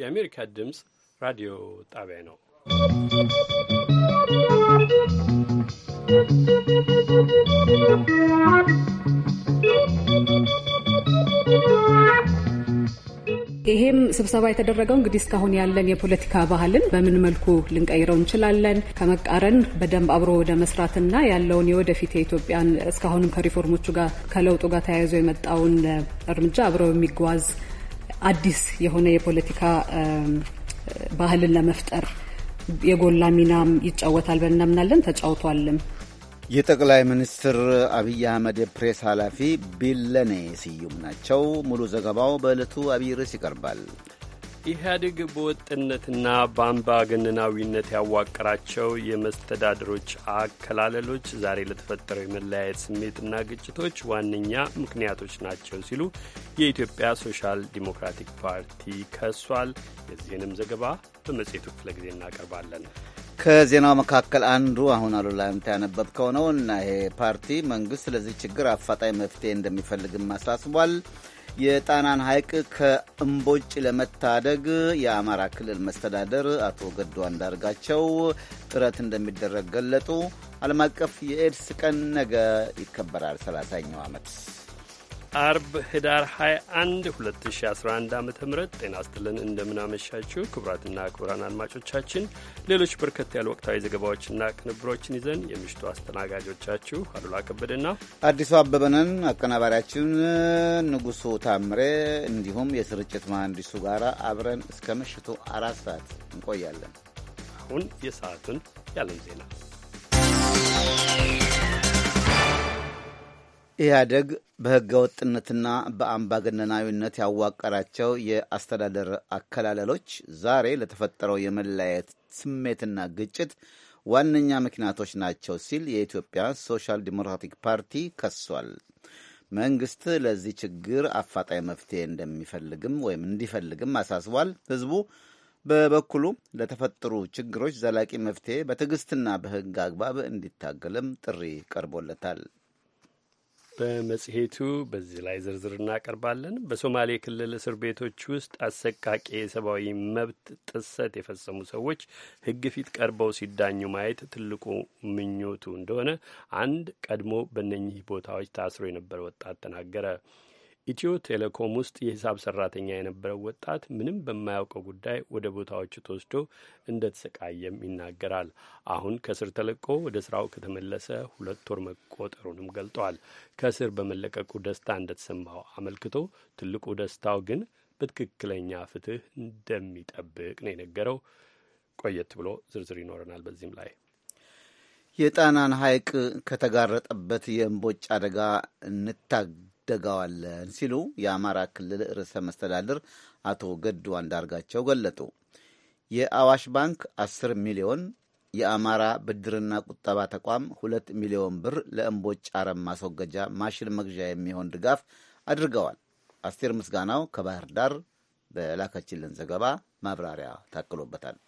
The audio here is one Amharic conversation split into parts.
የአሜሪካ ድምፅ ራዲዮ ጣቢያ ነው። ይሄም ስብሰባ የተደረገው እንግዲህ እስካሁን ያለን የፖለቲካ ባህልን በምን መልኩ ልንቀይረው እንችላለን፣ ከመቃረን በደንብ አብሮ ወደ መስራትና ያለውን የወደፊት የኢትዮጵያን እስካሁንም ከሪፎርሞቹ ጋር ከለውጡ ጋር ተያይዞ የመጣውን እርምጃ አብረው የሚጓዝ አዲስ የሆነ የፖለቲካ ባህልን ለመፍጠር የጎላ ሚናም ይጫወታል ብለን እናምናለን። ተጫውቷልም። የጠቅላይ ሚኒስትር አብይ አህመድ የፕሬስ ኃላፊ ቢለኔ ስዩም ናቸው። ሙሉ ዘገባው በዕለቱ አብይ ርዕስ ይቀርባል። ኢህአዴግ በወጥነትና በአንባ ገንናዊነት ያዋቀራቸው የመስተዳድሮች አከላለሎች ዛሬ ለተፈጠረው የመለያየት ስሜትና ግጭቶች ዋነኛ ምክንያቶች ናቸው ሲሉ የኢትዮጵያ ሶሻል ዲሞክራቲክ ፓርቲ ከሷል። የዚህንም ዘገባ በመጽሔቱ ክፍለ ጊዜ እናቀርባለን። ከዜናው መካከል አንዱ አሁን አሉላ አንተ ያነበብከው ነው እና ይሄ ፓርቲ መንግስት ለዚህ ችግር አፋጣኝ መፍትሄ እንደሚፈልግም አሳስቧል። የጣናን ሐይቅ ከእምቦጭ ለመታደግ የአማራ ክልል መስተዳደር አቶ ገዱ አንዳርጋቸው ጥረት እንደሚደረግ ገለጡ። ዓለም አቀፍ የኤድስ ቀን ነገ ይከበራል። ሰላሳኛው ዓመት አርብ ህዳር 21 2011 ዓ ም ጤና ስትልን እንደምናመሻችሁ ክቡራትና ክቡራን አድማጮቻችን ሌሎች በርከት ያሉ ወቅታዊ ዘገባዎችና ቅንብሮችን ይዘን የምሽቱ አስተናጋጆቻችሁ አሉላ ከበደና አዲሱ አበበንን አቀናባሪያችን ንጉሱ ታምሬ እንዲሁም የስርጭት መሐንዲሱ ጋር አብረን እስከ ምሽቱ አራት ሰዓት እንቆያለን። አሁን የሰዓቱን ያለም ዜና ኢህአደግ በህገ ወጥነትና በአምባገነናዊነት ያዋቀራቸው የአስተዳደር አከላለሎች ዛሬ ለተፈጠረው የመለያየት ስሜትና ግጭት ዋነኛ ምክንያቶች ናቸው ሲል የኢትዮጵያ ሶሻል ዲሞክራቲክ ፓርቲ ከሷል። መንግስት ለዚህ ችግር አፋጣኝ መፍትሄ እንደሚፈልግም ወይም እንዲፈልግም አሳስቧል። ህዝቡ በበኩሉ ለተፈጠሩ ችግሮች ዘላቂ መፍትሄ በትዕግስትና በህግ አግባብ እንዲታገልም ጥሪ ቀርቦለታል። በመጽሔቱ በዚህ ላይ ዝርዝር እናቀርባለን። በሶማሌ ክልል እስር ቤቶች ውስጥ አሰቃቂ የሰብአዊ መብት ጥሰት የፈጸሙ ሰዎች ሕግ ፊት ቀርበው ሲዳኙ ማየት ትልቁ ምኞቱ እንደሆነ አንድ ቀድሞ በእነኚህ ቦታዎች ታስሮ የነበረ ወጣት ተናገረ። ኢትዮ ቴሌኮም ውስጥ የሂሳብ ሰራተኛ የነበረው ወጣት ምንም በማያውቀው ጉዳይ ወደ ቦታዎቹ ተወስዶ እንደተሰቃየም ይናገራል። አሁን ከስር ተለቆ ወደ ስራው ከተመለሰ ሁለት ወር መቆጠሩንም ገልጧል። ከስር በመለቀቁ ደስታ እንደተሰማው አመልክቶ ትልቁ ደስታው ግን በትክክለኛ ፍትህ እንደሚጠብቅ ነው የነገረው። ቆየት ብሎ ዝርዝር ይኖረናል በዚህም ላይ የጣናን ሐይቅ ከተጋረጠበት የእምቦጭ አደጋ እንታገ እንደጋዋለን ሲሉ የአማራ ክልል ርዕሰ መስተዳድር አቶ ገዱ አንዳርጋቸው ገለጡ። የአዋሽ ባንክ 10 ሚሊዮን፣ የአማራ ብድርና ቁጠባ ተቋም 2 ሚሊዮን ብር ለእምቦጭ አረም ማስወገጃ ማሽን መግዣ የሚሆን ድጋፍ አድርገዋል። አስቴር ምስጋናው ከባህር ዳር በላከችልን ዘገባ ማብራሪያ ታክሎበታል።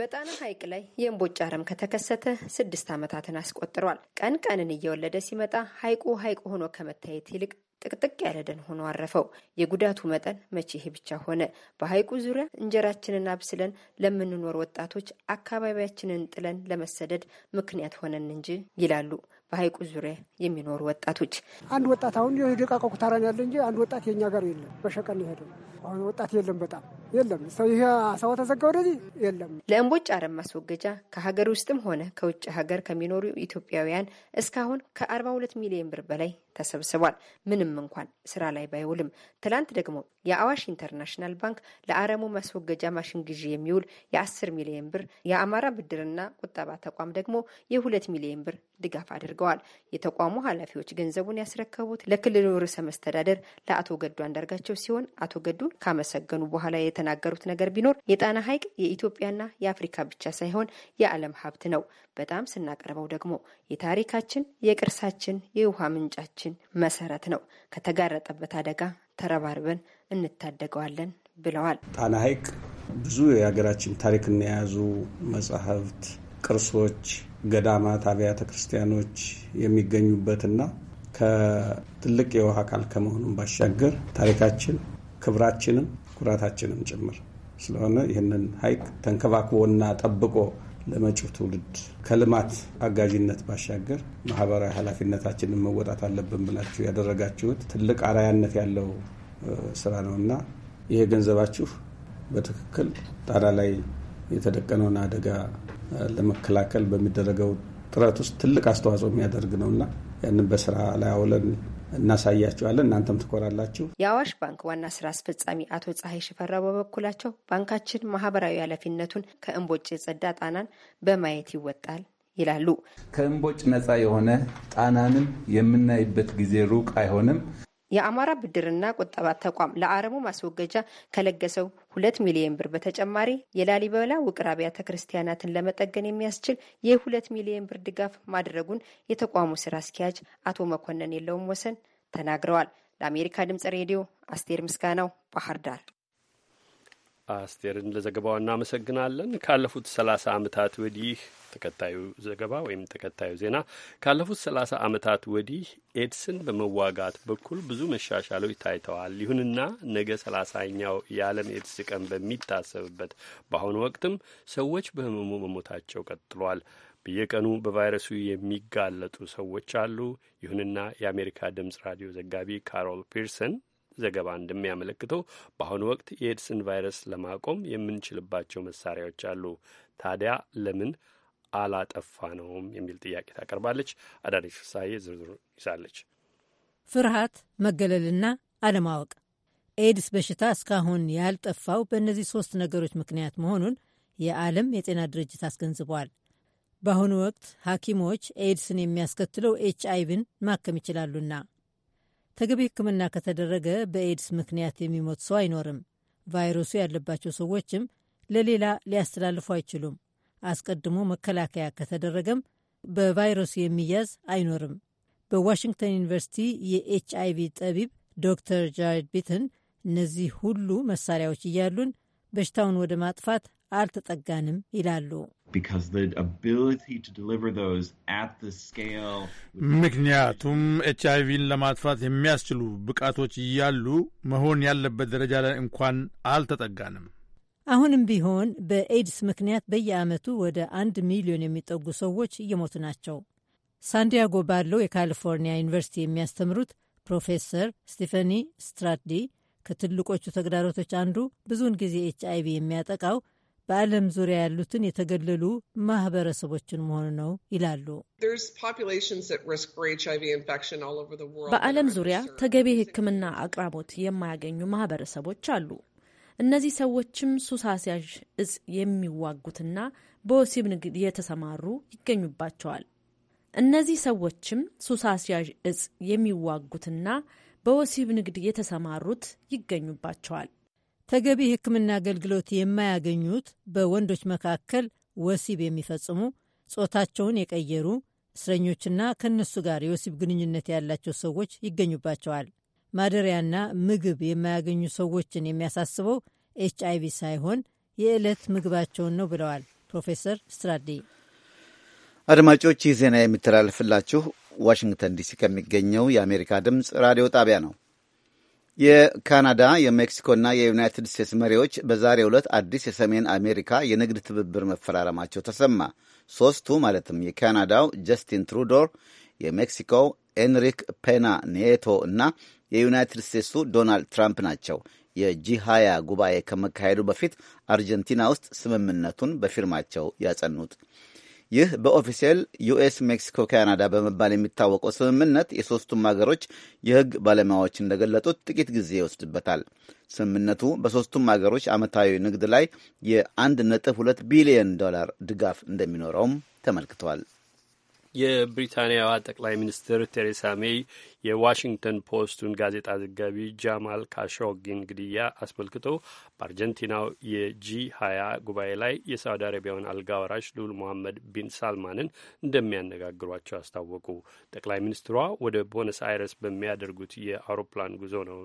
በጣና ሐይቅ ላይ የእንቦጭ አረም ከተከሰተ ስድስት ዓመታትን አስቆጥሯል። ቀን ቀንን እየወለደ ሲመጣ ሐይቁ ሐይቅ ሆኖ ከመታየት ይልቅ ጥቅጥቅ ያለ ደን ሆኖ አረፈው። የጉዳቱ መጠን መቼ ብቻ ሆነ? በሐይቁ ዙሪያ እንጀራችንን አብስለን ለምንኖር ወጣቶች አካባቢያችንን ጥለን ለመሰደድ ምክንያት ሆነን እንጂ ይላሉ በሀይቁ ዙሪያ የሚኖሩ ወጣቶች አንድ ወጣት አሁን የደቃቀ ኩታራን ያለ እንጂ አንድ ወጣት የኛ ጋር የለም። በሸቀን ሄደ አሁን ወጣት የለም፣ በጣም የለም። ሰው ይህ ሰው ተዘጋ ወደዚህ የለም። ለእንቦጭ አረም ማስወገጃ ከሀገር ውስጥም ሆነ ከውጭ ሀገር ከሚኖሩ ኢትዮጵያውያን እስካሁን ከ42 ሚሊዮን ብር በላይ ተሰብስቧል። ምንም እንኳን ስራ ላይ ባይውልም፣ ትላንት ደግሞ የአዋሽ ኢንተርናሽናል ባንክ ለአረሙ ማስወገጃ ማሽን ግዢ የሚውል የ10 ሚሊዮን ብር፣ የአማራ ብድርና ቁጠባ ተቋም ደግሞ የ2 ሚሊዮን ብር ድጋፍ አድርገዋል። የተቋሙ ኃላፊዎች ገንዘቡን ያስረከቡት ለክልሉ ርዕሰ መስተዳደር ለአቶ ገዱ አንዳርጋቸው ሲሆን አቶ ገዱ ካመሰገኑ በኋላ የተናገሩት ነገር ቢኖር የጣና ሐይቅ የኢትዮጵያና የአፍሪካ ብቻ ሳይሆን የዓለም ሀብት ነው። በጣም ስናቀርበው ደግሞ የታሪካችን፣ የቅርሳችን፣ የውሃ ምንጫችን መሰረት ነው። ከተጋረጠበት አደጋ ተረባርበን እንታደገዋለን ብለዋል። ጣና ሐይቅ ብዙ የሀገራችን ታሪክን የያዙ መጽሐፍት ቅርሶች፣ ገዳማት፣ አብያተ ክርስቲያኖች የሚገኙበትና ከትልቅ የውሃ አካል ከመሆኑም ባሻገር ታሪካችን ክብራችንም ኩራታችንም ጭምር ስለሆነ ይህንን ሀይቅ ተንከባክቦና ጠብቆ ለመጪው ትውልድ ከልማት አጋዥነት ባሻገር ማህበራዊ ኃላፊነታችንን መወጣት አለብን ብላችሁ ያደረጋችሁት ትልቅ አራያነት ያለው ስራ ነው እና ይሄ ገንዘባችሁ በትክክል ጣና ላይ የተደቀነውን አደጋ ለመከላከል በሚደረገው ጥረት ውስጥ ትልቅ አስተዋጽኦ የሚያደርግ ነውና ያንን በስራ ላይ አውለን እናሳያቸዋለን እናንተም ትኮራላችሁ። የአዋሽ ባንክ ዋና ስራ አስፈጻሚ አቶ ፀሐይ ሽፈራው በበኩላቸው ባንካችን ማህበራዊ ኃላፊነቱን ከእንቦጭ የጸዳ ጣናን በማየት ይወጣል ይላሉ። ከእንቦጭ ነፃ የሆነ ጣናንም የምናይበት ጊዜ ሩቅ አይሆንም። የአማራ ብድርና ቁጠባ ተቋም ለአረሙ ማስወገጃ ከለገሰው ሁለት ሚሊዮን ብር በተጨማሪ የላሊበላ ውቅር አብያተ ክርስቲያናትን ለመጠገን የሚያስችል የሁለት ሚሊዮን ብር ድጋፍ ማድረጉን የተቋሙ ስራ አስኪያጅ አቶ መኮንን የለውም ወሰን ተናግረዋል። ለአሜሪካ ድምጽ ሬዲዮ አስቴር ምስጋናው ባህር ዳር አስቴርን ለዘገባው እናመሰግናለን። ካለፉት ሰላሳ ዓመታት ወዲህ ተከታዩ ዘገባ ወይም ተከታዩ ዜና ካለፉት ሰላሳ ዓመታት ወዲህ ኤድስን በመዋጋት በኩል ብዙ መሻሻሎች ታይተዋል። ይሁንና ነገ ሰላሳኛው የዓለም ኤድስ ቀን በሚታሰብበት በአሁኑ ወቅትም ሰዎች በህመሙ መሞታቸው ቀጥሏል። በየቀኑ በቫይረሱ የሚጋለጡ ሰዎች አሉ። ይሁንና የአሜሪካ ድምፅ ራዲዮ ዘጋቢ ካሮል ፒርሰን ዘገባ እንደሚያመለክተው በአሁኑ ወቅት የኤድስን ቫይረስ ለማቆም የምንችልባቸው መሳሪያዎች አሉ። ታዲያ ለምን አላጠፋ ነውም የሚል ጥያቄ ታቀርባለች። አዳነች ፍሳዬ ዝርዝሩ ይዛለች። ፍርሃት፣ መገለልና አለማወቅ ኤድስ በሽታ እስካሁን ያልጠፋው በእነዚህ ሶስት ነገሮች ምክንያት መሆኑን የዓለም የጤና ድርጅት አስገንዝቧል። በአሁኑ ወቅት ሐኪሞች ኤድስን የሚያስከትለው ኤች አይቪን ማከም ይችላሉና ተገቢ ሕክምና ከተደረገ በኤድስ ምክንያት የሚሞት ሰው አይኖርም። ቫይረሱ ያለባቸው ሰዎችም ለሌላ ሊያስተላልፉ አይችሉም። አስቀድሞ መከላከያ ከተደረገም በቫይረሱ የሚያዝ አይኖርም። በዋሽንግተን ዩኒቨርሲቲ የኤች ቪ ጠቢብ ዶክተር ጃሬድ ቢትን እነዚህ ሁሉ መሳሪያዎች እያሉን በሽታውን ወደ ማጥፋት አልተጠጋንም ይላሉ። ምክንያቱም ኤች አይቪን ለማጥፋት የሚያስችሉ ብቃቶች እያሉ መሆን ያለበት ደረጃ ላይ እንኳን አልተጠጋንም። አሁንም ቢሆን በኤድስ ምክንያት በየዓመቱ ወደ አንድ ሚሊዮን የሚጠጉ ሰዎች እየሞቱ ናቸው። ሳንዲያጎ ባለው የካሊፎርኒያ ዩኒቨርሲቲ የሚያስተምሩት ፕሮፌሰር ስቲፈኒ ስትራትዲ ከትልቆቹ ተግዳሮቶች አንዱ ብዙውን ጊዜ ኤች አይቪ የሚያጠቃው በዓለም ዙሪያ ያሉትን የተገለሉ ማህበረሰቦችን መሆኑ ነው ይላሉ። በዓለም ዙሪያ ተገቢ ሕክምና አቅራቦት የማያገኙ ማህበረሰቦች አሉ። እነዚህ ሰዎችም ሱስ አስያዥ እጽ የሚዋጉትና በወሲብ ንግድ የተሰማሩ ይገኙባቸዋል። እነዚህ ሰዎችም ሱስ አስያዥ እጽ የሚዋጉትና በወሲብ ንግድ የተሰማሩት ይገኙባቸዋል። ተገቢ የሕክምና አገልግሎት የማያገኙት በወንዶች መካከል ወሲብ የሚፈጽሙ ጾታቸውን የቀየሩ እስረኞችና ከእነሱ ጋር የወሲብ ግንኙነት ያላቸው ሰዎች ይገኙባቸዋል። ማደሪያና ምግብ የማያገኙ ሰዎችን የሚያሳስበው ኤች አይ ቪ ሳይሆን የዕለት ምግባቸውን ነው ብለዋል ፕሮፌሰር ስትራዴ። አድማጮች ይህ ዜና የሚተላለፍላችሁ ዋሽንግተን ዲሲ ከሚገኘው የአሜሪካ ድምፅ ራዲዮ ጣቢያ ነው። የካናዳ የሜክሲኮና የዩናይትድ ስቴትስ መሪዎች በዛሬ ዕለት አዲስ የሰሜን አሜሪካ የንግድ ትብብር መፈራረማቸው ተሰማ። ሦስቱ ማለትም የካናዳው ጀስቲን ትሩዶር፣ የሜክሲኮው ኤንሪክ ፔና ኔቶ እና የዩናይትድ ስቴትሱ ዶናልድ ትራምፕ ናቸው። የጂ ሃያ ጉባኤ ከመካሄዱ በፊት አርጀንቲና ውስጥ ስምምነቱን በፊርማቸው ያጸኑት። ይህ በኦፊሴል ዩኤስ ሜክሲኮ ካናዳ በመባል የሚታወቀው ስምምነት የሦስቱም አገሮች የሕግ ባለሙያዎች እንደገለጡት ጥቂት ጊዜ ይወስድበታል። ስምምነቱ በሦስቱም አገሮች ዓመታዊ ንግድ ላይ የአንድ ነጥብ ሁለት ቢሊዮን ዶላር ድጋፍ እንደሚኖረውም ተመልክቷል። የብሪታንያዋ ጠቅላይ ሚኒስትር ቴሬሳ ሜይ የዋሽንግተን ፖስቱን ጋዜጣ ዘጋቢ ጃማል ካሾጊን ግድያ አስመልክቶ በአርጀንቲናው የጂ ሀያ ጉባኤ ላይ የሳውዲ አረቢያውን አልጋ ወራሽ ልዑል ሞሐመድ ቢን ሳልማንን እንደሚያነጋግሯቸው አስታወቁ። ጠቅላይ ሚኒስትሯ ወደ ቦነስ አይረስ በሚያደርጉት የአውሮፕላን ጉዞ ነው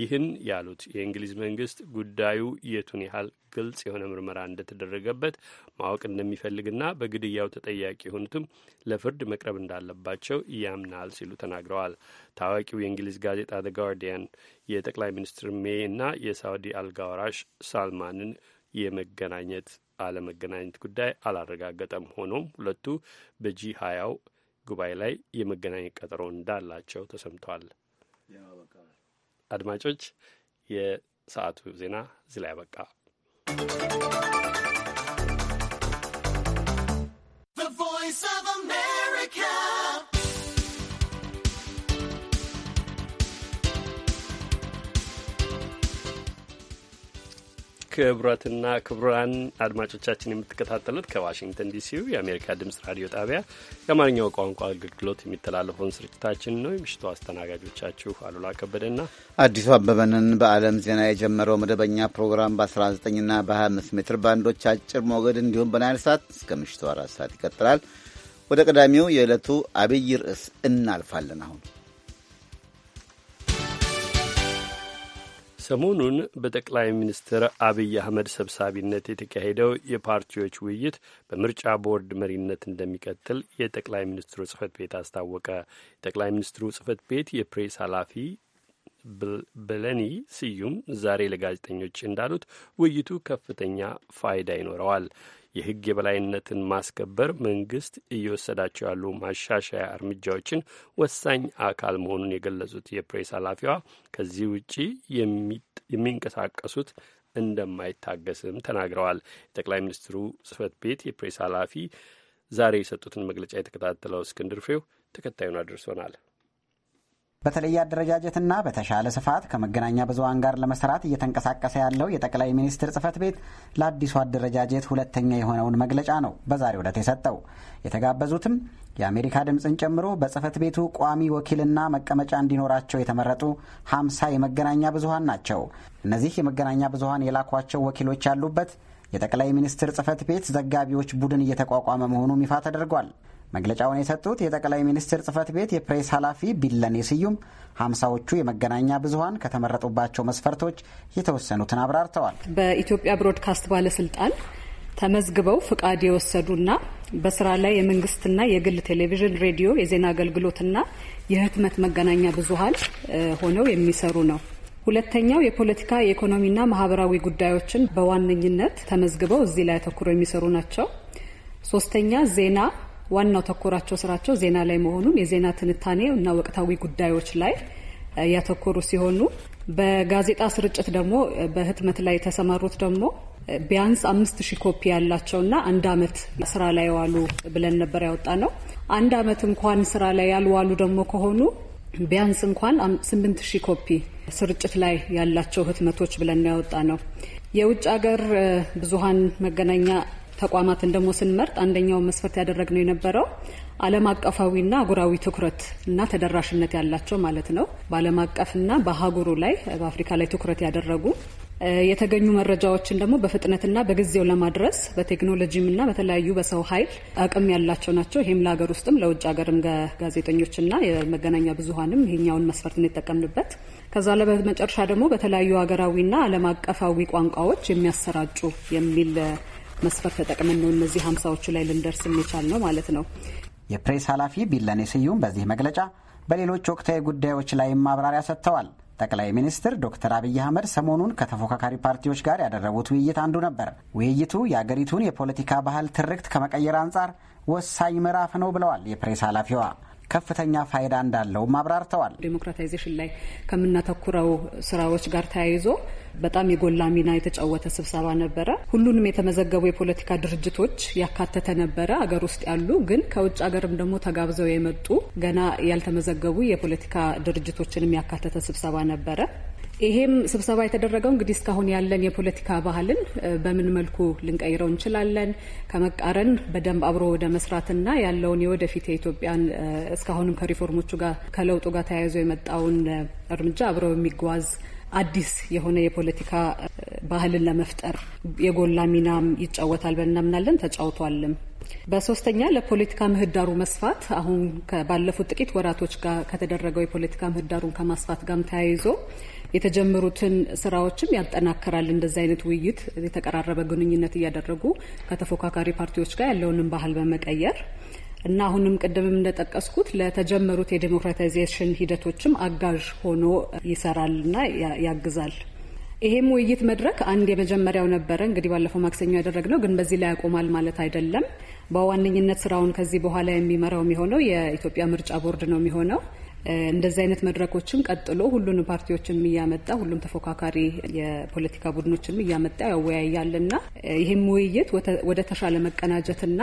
ይህን ያሉት። የእንግሊዝ መንግስት ጉዳዩ የቱን ያህል ግልጽ የሆነ ምርመራ እንደተደረገበት ማወቅ እንደሚፈልግና በግድያው ተጠያቂ የሆኑትም ለፍርድ መቅረብ እንዳለባቸው ያምናል ሲሉ ተናግረዋል። ታዋቂው የእንግሊዝ ጋዜጣ ዘ ጋርዲያን የጠቅላይ ሚኒስትር ሜይ እና የሳውዲ አልጋወራሽ ሳልማንን የመገናኘት አለመገናኘት ጉዳይ አላረጋገጠም። ሆኖም ሁለቱ በጂ ሀያው ጉባኤ ላይ የመገናኘት ቀጠሮ እንዳላቸው ተሰምቷል። አድማጮች የሰዓቱ ዜና እዚህ ላይ you. ክቡራትና ክቡራን አድማጮቻችን የምትከታተሉት ከዋሽንግተን ዲሲው የአሜሪካ ድምፅ ራዲዮ ጣቢያ የአማርኛው ቋንቋ አገልግሎት የሚተላለፈውን ስርጭታችን ነው። የምሽቱ አስተናጋጆቻችሁ አሉላ ከበደና አዲሱ አበበንን በዓለም ዜና የጀመረው መደበኛ ፕሮግራም በ19ና በ25 ሜትር ባንዶች አጭር ሞገድ እንዲሁም በናይል ሰዓት እስከ ምሽቱ አራት ሰዓት ይቀጥላል። ወደ ቀዳሚው የዕለቱ አብይ ርዕስ እናልፋለን አሁን ሰሞኑን በጠቅላይ ሚኒስትር አብይ አህመድ ሰብሳቢነት የተካሄደው የፓርቲዎች ውይይት በምርጫ ቦርድ መሪነት እንደሚቀጥል የጠቅላይ ሚኒስትሩ ጽህፈት ቤት አስታወቀ። የጠቅላይ ሚኒስትሩ ጽህፈት ቤት የፕሬስ ኃላፊ ብለኒ ስዩም ዛሬ ለጋዜጠኞች እንዳሉት ውይይቱ ከፍተኛ ፋይዳ ይኖረዋል። የህግ የበላይነትን ማስከበር መንግስት እየወሰዳቸው ያሉ ማሻሻያ እርምጃዎችን ወሳኝ አካል መሆኑን የገለጹት የፕሬስ ኃላፊዋ ከዚህ ውጪ የሚንቀሳቀሱት እንደማይታገስም ተናግረዋል። የጠቅላይ ሚኒስትሩ ጽህፈት ቤት የፕሬስ ኃላፊ ዛሬ የሰጡትን መግለጫ የተከታተለው እስክንድር ፍሬው ተከታዩን አድርሶናል። በተለየ አደረጃጀትና በተሻለ ስፋት ከመገናኛ ብዙሃን ጋር ለመስራት እየተንቀሳቀሰ ያለው የጠቅላይ ሚኒስትር ጽህፈት ቤት ለአዲሱ አደረጃጀት ሁለተኛ የሆነውን መግለጫ ነው በዛሬው ዕለት የሰጠው። የተጋበዙትም የአሜሪካ ድምፅን ጨምሮ በጽህፈት ቤቱ ቋሚ ወኪልና መቀመጫ እንዲኖራቸው የተመረጡ ሀምሳ የመገናኛ ብዙሀን ናቸው። እነዚህ የመገናኛ ብዙሀን የላኳቸው ወኪሎች ያሉበት የጠቅላይ ሚኒስትር ጽህፈት ቤት ዘጋቢዎች ቡድን እየተቋቋመ መሆኑም ይፋ ተደርጓል። መግለጫውን የሰጡት የጠቅላይ ሚኒስትር ጽህፈት ቤት የፕሬስ ኃላፊ ቢለኔ ስዩም ሀምሳዎቹ የመገናኛ ብዙሀን ከተመረጡባቸው መስፈርቶች የተወሰኑትን አብራርተዋል። በኢትዮጵያ ብሮድካስት ባለስልጣን ተመዝግበው ፍቃድ የወሰዱና በስራ ላይ የመንግስትና የግል ቴሌቪዥን፣ ሬዲዮ፣ የዜና አገልግሎትና የህትመት መገናኛ ብዙሀን ሆነው የሚሰሩ ነው። ሁለተኛው የፖለቲካ የኢኮኖሚና ማህበራዊ ጉዳዮችን በዋነኝነት ተመዝግበው እዚህ ላይ አተኩረው የሚሰሩ ናቸው። ሶስተኛ ዜና ዋናው ተኮራቸው ስራቸው ዜና ላይ መሆኑን የዜና ትንታኔ እና ወቅታዊ ጉዳዮች ላይ ያተኮሩ ሲሆኑ በጋዜጣ ስርጭት ደግሞ በህትመት ላይ የተሰማሩት ደግሞ ቢያንስ አምስት ሺህ ኮፒ ያላቸውና አንድ አመት ስራ ላይ የዋሉ ብለን ነበር ያወጣ ነው። አንድ አመት እንኳን ስራ ላይ ያልዋሉ ደግሞ ከሆኑ ቢያንስ እንኳን ስምንት ሺህ ኮፒ ስርጭት ላይ ያላቸው ህትመቶች ብለን ያወጣ ነው። የውጭ ሀገር ብዙሀን መገናኛ ተቋማትን ደግሞ ስንመርጥ አንደኛው መስፈርት ያደረግነው የነበረው ዓለም አቀፋዊና አጉራዊ ትኩረት እና ተደራሽነት ያላቸው ማለት ነው። በዓለም አቀፍና በአህጉሩ ላይ በአፍሪካ ላይ ትኩረት ያደረጉ የተገኙ መረጃዎችን ደግሞ በፍጥነትና በጊዜው ለማድረስ በቴክኖሎጂምና በተለያዩ በሰው ኃይል አቅም ያላቸው ናቸው። ይህም ለሀገር ውስጥም ለውጭ ሀገርም ጋዜጠኞችና የመገናኛ ብዙሀንም ይህኛውን መስፈርት እንጠቀምንበት። ከዛ ላይ በመጨረሻ ደግሞ በተለያዩ ሀገራዊና ዓለም አቀፋዊ ቋንቋዎች የሚያሰራጩ የሚል መስፈር ተጠቅመን ነው እነዚህ ሀምሳዎቹ ላይ ልንደርስ የሚቻል ነው ማለት ነው። የፕሬስ ኃላፊ ቢለኔ ስዩም በዚህ መግለጫ በሌሎች ወቅታዊ ጉዳዮች ላይም ማብራሪያ ሰጥተዋል። ጠቅላይ ሚኒስትር ዶክተር አብይ አህመድ ሰሞኑን ከተፎካካሪ ፓርቲዎች ጋር ያደረጉት ውይይት አንዱ ነበር። ውይይቱ የአገሪቱን የፖለቲካ ባህል ትርክት ከመቀየር አንጻር ወሳኝ ምዕራፍ ነው ብለዋል የፕሬስ ኃላፊዋ። ከፍተኛ ፋይዳ እንዳለውም አብራርተዋል። ዴሞክራታይዜሽን ላይ ከምናተኩረው ስራዎች ጋር ተያይዞ በጣም የጎላ ሚና የተጫወተ ስብሰባ ነበረ። ሁሉንም የተመዘገቡ የፖለቲካ ድርጅቶች ያካተተ ነበረ። አገር ውስጥ ያሉ ግን ከውጭ ሀገርም ደግሞ ተጋብዘው የመጡ ገና ያልተመዘገቡ የፖለቲካ ድርጅቶችንም ያካተተ ስብሰባ ነበረ። ይሄም ስብሰባ የተደረገው እንግዲህ እስካሁን ያለን የፖለቲካ ባህልን በምን መልኩ ልንቀይረው እንችላለን፣ ከመቃረን በደንብ አብሮ ወደ መስራትና ያለውን የወደፊት የኢትዮጵያን እስካሁንም ከሪፎርሞቹ ጋር ከለውጡ ጋር ተያይዞ የመጣውን እርምጃ አብረው የሚጓዝ አዲስ የሆነ የፖለቲካ ባህልን ለመፍጠር የጎላ ሚናም ይጫወታል ብለን እናምናለን። ተጫውቷልም። በሶስተኛ ለፖለቲካ ምህዳሩ መስፋት አሁን ባለፉት ጥቂት ወራቶች ጋር ከተደረገው የፖለቲካ ምህዳሩን ከማስፋት ጋም ተያይዞ የተጀመሩትን ስራዎችም ያጠናክራል። እንደዚህ አይነት ውይይት፣ የተቀራረበ ግንኙነት እያደረጉ ከተፎካካሪ ፓርቲዎች ጋር ያለውንም ባህል በመቀየር እና አሁንም ቅድምም እንደጠቀስኩት ለተጀመሩት የዴሞክራታይዜሽን ሂደቶችም አጋዥ ሆኖ ይሰራልና ያግዛል። ይሄም ውይይት መድረክ አንድ የመጀመሪያው ነበረ እንግዲህ ባለፈው ማክሰኞ ያደረግነው፣ ግን በዚህ ላይ ያቆማል ማለት አይደለም። በዋነኝነት ስራውን ከዚህ በኋላ የሚመራው የሚሆነው የኢትዮጵያ ምርጫ ቦርድ ነው የሚሆነው። እንደዚህ አይነት መድረኮችም ቀጥሎ ሁሉንም ፓርቲዎችም እያመጣ ሁሉም ተፎካካሪ የፖለቲካ ቡድኖችም እያመጣ ያወያያልና ይህም ውይይት ወደ ተሻለ መቀናጀትና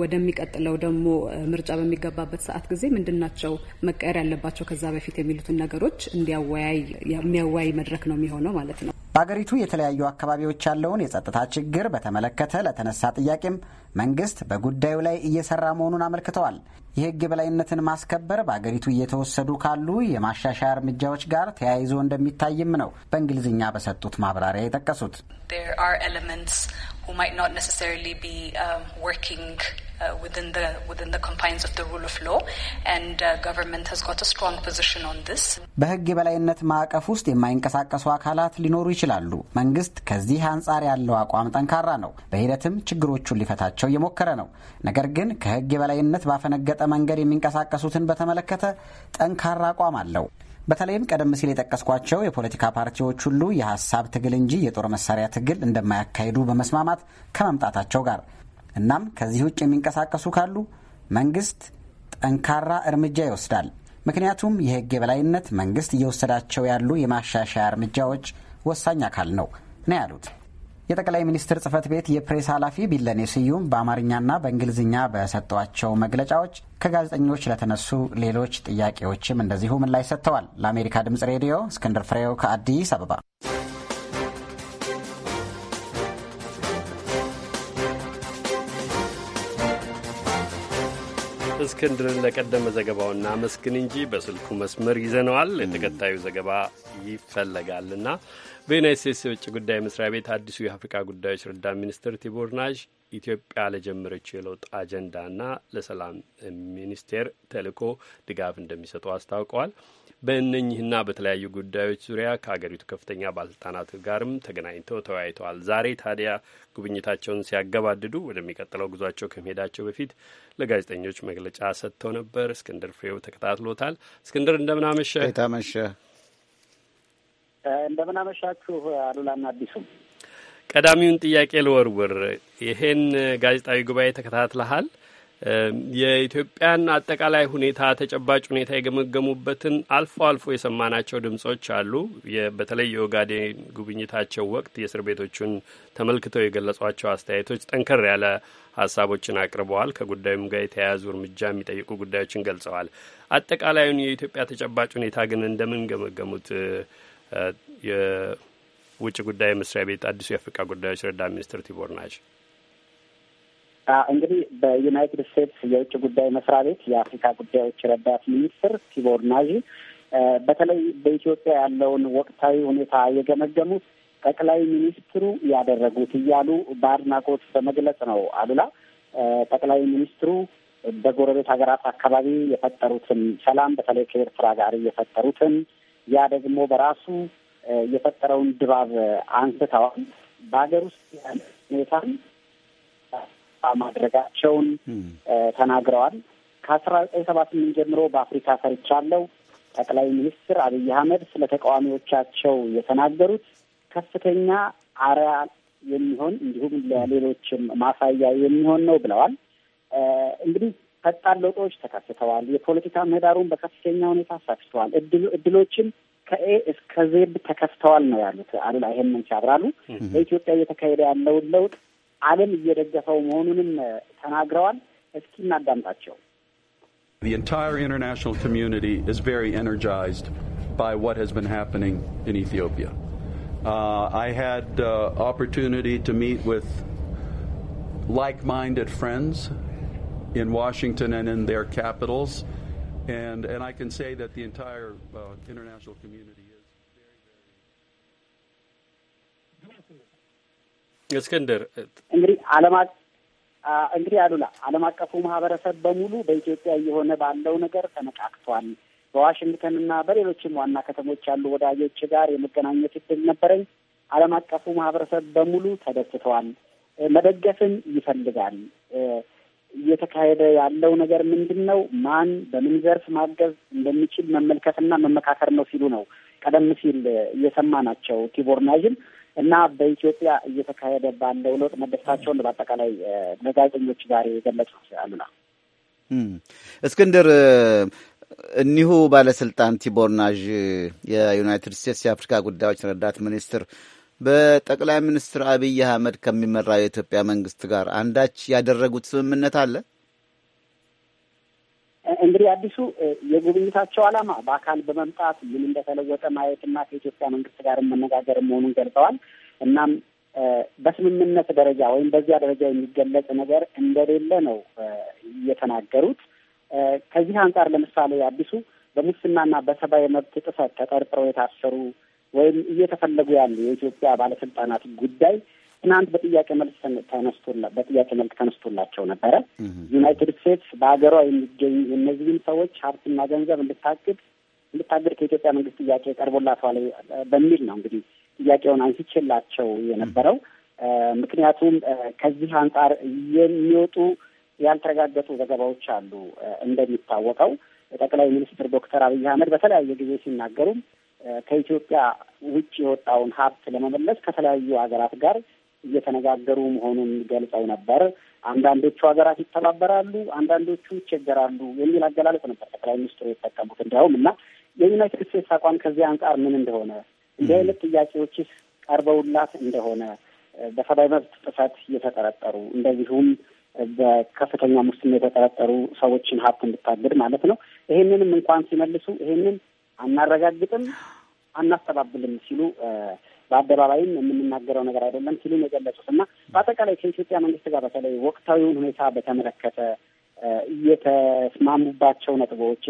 ወደሚቀጥለው ደግሞ ምርጫ በሚገባበት ሰዓት ጊዜ ምንድናቸው መቀየር ያለባቸው ከዛ በፊት የሚሉትን ነገሮች እንዲያወያይ የሚያወያይ መድረክ ነው የሚሆነው ማለት ነው። በአገሪቱ የተለያዩ አካባቢዎች ያለውን የጸጥታ ችግር በተመለከተ ለተነሳ ጥያቄም መንግስት በጉዳዩ ላይ እየሰራ መሆኑን አመልክተዋል። የህግ የበላይነትን ማስከበር በአገሪቱ እየተወሰዱ ካሉ የማሻሻያ እርምጃዎች ጋር ተያይዞ እንደሚታይም ነው በእንግሊዝኛ በሰጡት ማብራሪያ የጠቀሱት። who might not necessarily be um, working uh, within the within the confines of the rule of law and uh, government has got a strong position on this በህግ የበላይነት ማዕቀፍ ውስጥ የማይንቀሳቀሱ አካላት ሊኖሩ ይችላሉ። መንግስት ከዚህ አንጻር ያለው አቋም ጠንካራ ነው። በሂደትም ችግሮቹን ሊፈታቸው እየሞከረ ነው። ነገር ግን ከህግ የበላይነት ባፈነገጠ መንገድ የሚንቀሳቀሱትን በተመለከተ ጠንካራ አቋም አለው። በተለይም ቀደም ሲል የጠቀስኳቸው የፖለቲካ ፓርቲዎች ሁሉ የሀሳብ ትግል እንጂ የጦር መሳሪያ ትግል እንደማያካሂዱ በመስማማት ከመምጣታቸው ጋር እናም ከዚህ ውጭ የሚንቀሳቀሱ ካሉ መንግስት ጠንካራ እርምጃ ይወስዳል። ምክንያቱም የህግ የበላይነት መንግስት እየወሰዳቸው ያሉ የማሻሻያ እርምጃዎች ወሳኝ አካል ነው ነው ያሉት የጠቅላይ ሚኒስትር ጽህፈት ቤት የፕሬስ ኃላፊ ቢለኔ ስዩም በአማርኛና በእንግሊዝኛ በሰጧቸው መግለጫዎች ከጋዜጠኞች ለተነሱ ሌሎች ጥያቄዎችም እንደዚሁ ምላሽ ሰጥተዋል። ለአሜሪካ ድምጽ ሬዲዮ እስክንድር ፍሬው ከአዲስ አበባ እስክንድርን ለቀደመ ዘገባው እናመስግን እንጂ በስልኩ መስመር ይዘነዋል። የተከታዩ ዘገባ ይፈለጋልና በዩናይት ስቴትስ የውጭ ጉዳይ መስሪያ ቤት አዲሱ የአፍሪካ ጉዳዮች ረዳት ሚኒስትር ቲቦር ኢትዮጵያ ለጀመረችው የለውጥ አጀንዳና ለሰላም ሚኒስቴር ተልኮ ድጋፍ እንደሚሰጡ አስታውቀዋል። በእነኝህና በተለያዩ ጉዳዮች ዙሪያ ከሀገሪቱ ከፍተኛ ባለስልጣናት ጋርም ተገናኝተው ተወያይተዋል። ዛሬ ታዲያ ጉብኝታቸውን ሲያገባድዱ ወደሚቀጥለው ጉዟቸው ከመሄዳቸው በፊት ለጋዜጠኞች መግለጫ ሰጥተው ነበር። እስክንድር ፍሬው ተከታትሎታል። እስክንድር እንደምናመሸ ታመሸ እንደምናመሻችሁ አሉላና አዲሱም ቀዳሚውን ጥያቄ ልወርውር። ይሄን ጋዜጣዊ ጉባኤ ተከታትለሃል። የኢትዮጵያን አጠቃላይ ሁኔታ ተጨባጭ ሁኔታ የገመገሙበትን አልፎ አልፎ የሰማናቸው ድምጾች አሉ። በተለይ የኦጋዴን ጉብኝታቸው ወቅት የእስር ቤቶቹን ተመልክተው የገለጿቸው አስተያየቶች ጠንከር ያለ ሀሳቦችን አቅርበዋል። ከጉዳዩም ጋር የተያያዙ እርምጃ የሚጠይቁ ጉዳዮችን ገልጸዋል። አጠቃላዩን የኢትዮጵያ ተጨባጭ ሁኔታ ግን እንደምን ገመገሙት? ውጭ ጉዳይ መስሪያ ቤት አዲሱ የአፍሪካ ጉዳዮች ረዳት ሚኒስትር ቲቦር ናቸው። እንግዲህ በዩናይትድ ስቴትስ የውጭ ጉዳይ መስሪያ ቤት የአፍሪካ ጉዳዮች ረዳት ሚኒስትር ቲቦር ናዥ በተለይ በኢትዮጵያ ያለውን ወቅታዊ ሁኔታ የገመገሙት ጠቅላይ ሚኒስትሩ ያደረጉት እያሉ በአድናቆት በመግለጽ ነው። አሉላ ጠቅላይ ሚኒስትሩ በጎረቤት ሀገራት አካባቢ የፈጠሩትን ሰላም በተለይ ከኤርትራ ጋር የፈጠሩትን ያ ደግሞ በራሱ የፈጠረውን ድባብ አንስተዋል። በሀገር ውስጥ ያለ ሁኔታን ማድረጋቸውን hmm. ተናግረዋል። ከአስራ ዘጠኝ ሰባ ስምንት ጀምሮ በአፍሪካ ሰርቻለሁ። ጠቅላይ ሚኒስትር አብይ አህመድ ስለ ተቃዋሚዎቻቸው የተናገሩት ከፍተኛ አርያ የሚሆን እንዲሁም ለሌሎችም ማሳያ የሚሆን ነው ብለዋል። እንግዲህ ፈጣን ለውጦች ተከስተዋል። የፖለቲካ ምህዳሩን በከፍተኛ ሁኔታ ሰፍተዋል። እድሎችን እስከ ዜድ ተከፍተዋል ነው ያሉት። አሉላ ይሄንን በኢትዮጵያ እየተካሄደ ያለውን ለውጥ ዓለም እየደገፈው መሆኑንም ተናግረዋል። እስኪ እናዳምጣቸው። The entire international community is very energized by what has been happening in Ethiopia. Uh, I had uh, opportunity to meet with like-minded friends in Washington and in their capitals And, and I can say that the entire uh, international community እስክንድር እንግዲህ ዓለም እንግዲህ አሉላ ዓለም አቀፉ ማህበረሰብ በሙሉ በኢትዮጵያ እየሆነ ባለው ነገር ተነቃቅቷል። በዋሽንግተንና በሌሎችም ዋና ከተሞች ያሉ ወዳጆች ጋር የመገናኘት እድል ነበረኝ። ዓለም አቀፉ ማህበረሰብ በሙሉ ተደስተዋል፣ መደገፍን ይፈልጋል። እየተካሄደ ያለው ነገር ምንድን ነው፣ ማን በምን ዘርፍ ማገዝ እንደሚችል መመልከትና መመካከር ነው ሲሉ ነው ቀደም ሲል እየሰማናቸው ቲቦርናዥን እና በኢትዮጵያ እየተካሄደ ባለው ለውጥ መደሰታቸውን በአጠቃላይ በጋዜጠኞች ዛሬ የገለጹት አሉና እስክንድር እኒሁ ባለስልጣን ቲቦርናዥ የዩናይትድ ስቴትስ የአፍሪካ ጉዳዮች ረዳት ሚኒስትር በጠቅላይ ሚኒስትር አብይ አህመድ ከሚመራው የኢትዮጵያ መንግስት ጋር አንዳች ያደረጉት ስምምነት አለ? እንግዲህ አዲሱ የጉብኝታቸው ዓላማ በአካል በመምጣት ምን እንደተለወጠ ማየትና ከኢትዮጵያ መንግስት ጋር መነጋገር መሆኑን ገልጸዋል። እናም በስምምነት ደረጃ ወይም በዚያ ደረጃ የሚገለጽ ነገር እንደሌለ ነው የተናገሩት። ከዚህ አንጻር ለምሳሌ አዲሱ በሙስናና በሰብአዊ መብት ጥሰት ተጠርጥረው የታሰሩ ወይም እየተፈለጉ ያሉ የኢትዮጵያ ባለስልጣናት ጉዳይ ትናንት በጥያቄ መልክ ተነስቶላ በጥያቄ መልክ ተነስቶላቸው ነበረ። ዩናይትድ ስቴትስ በሀገሯ የሚገኙ እነዚህም ሰዎች ሀብትና ገንዘብ እንድታግድ እንድታገድ ከኢትዮጵያ መንግስት ጥያቄ ቀርቦላታል በሚል ነው እንግዲህ ጥያቄውን አንስቼላቸው የነበረው። ምክንያቱም ከዚህ አንጻር የሚወጡ ያልተረጋገጡ ዘገባዎች አሉ። እንደሚታወቀው ጠቅላይ ሚኒስትር ዶክተር አብይ አህመድ በተለያየ ጊዜ ሲናገሩም ከኢትዮጵያ ውጭ የወጣውን ሀብት ለመመለስ ከተለያዩ ሀገራት ጋር እየተነጋገሩ መሆኑን ገልጸው ነበር። አንዳንዶቹ ሀገራት ይተባበራሉ፣ አንዳንዶቹ ይቸገራሉ የሚል አገላለጽ ነበር ጠቅላይ ሚኒስትሩ የተጠቀሙት እንዲያውም እና የዩናይትድ ስቴትስ አቋም ከዚህ አንጻር ምን እንደሆነ እንዲህ አይነት ጥያቄዎችስ ቀርበውላት እንደሆነ በሰብአዊ መብት ጥሰት እየተጠረጠሩ እንደዚሁም በከፍተኛ ሙስና የተጠረጠሩ ሰዎችን ሀብት እንድታግድ ማለት ነው። ይሄንንም እንኳን ሲመልሱ ይሄንን አናረጋግጥም አናስተባብልም ሲሉ በአደባባይም የምንናገረው ነገር አይደለም ሲሉ የገለጹት እና በአጠቃላይ ከኢትዮጵያ መንግስት ጋር በተለይ ወቅታዊውን ሁኔታ በተመለከተ የተስማሙባቸው ነጥቦች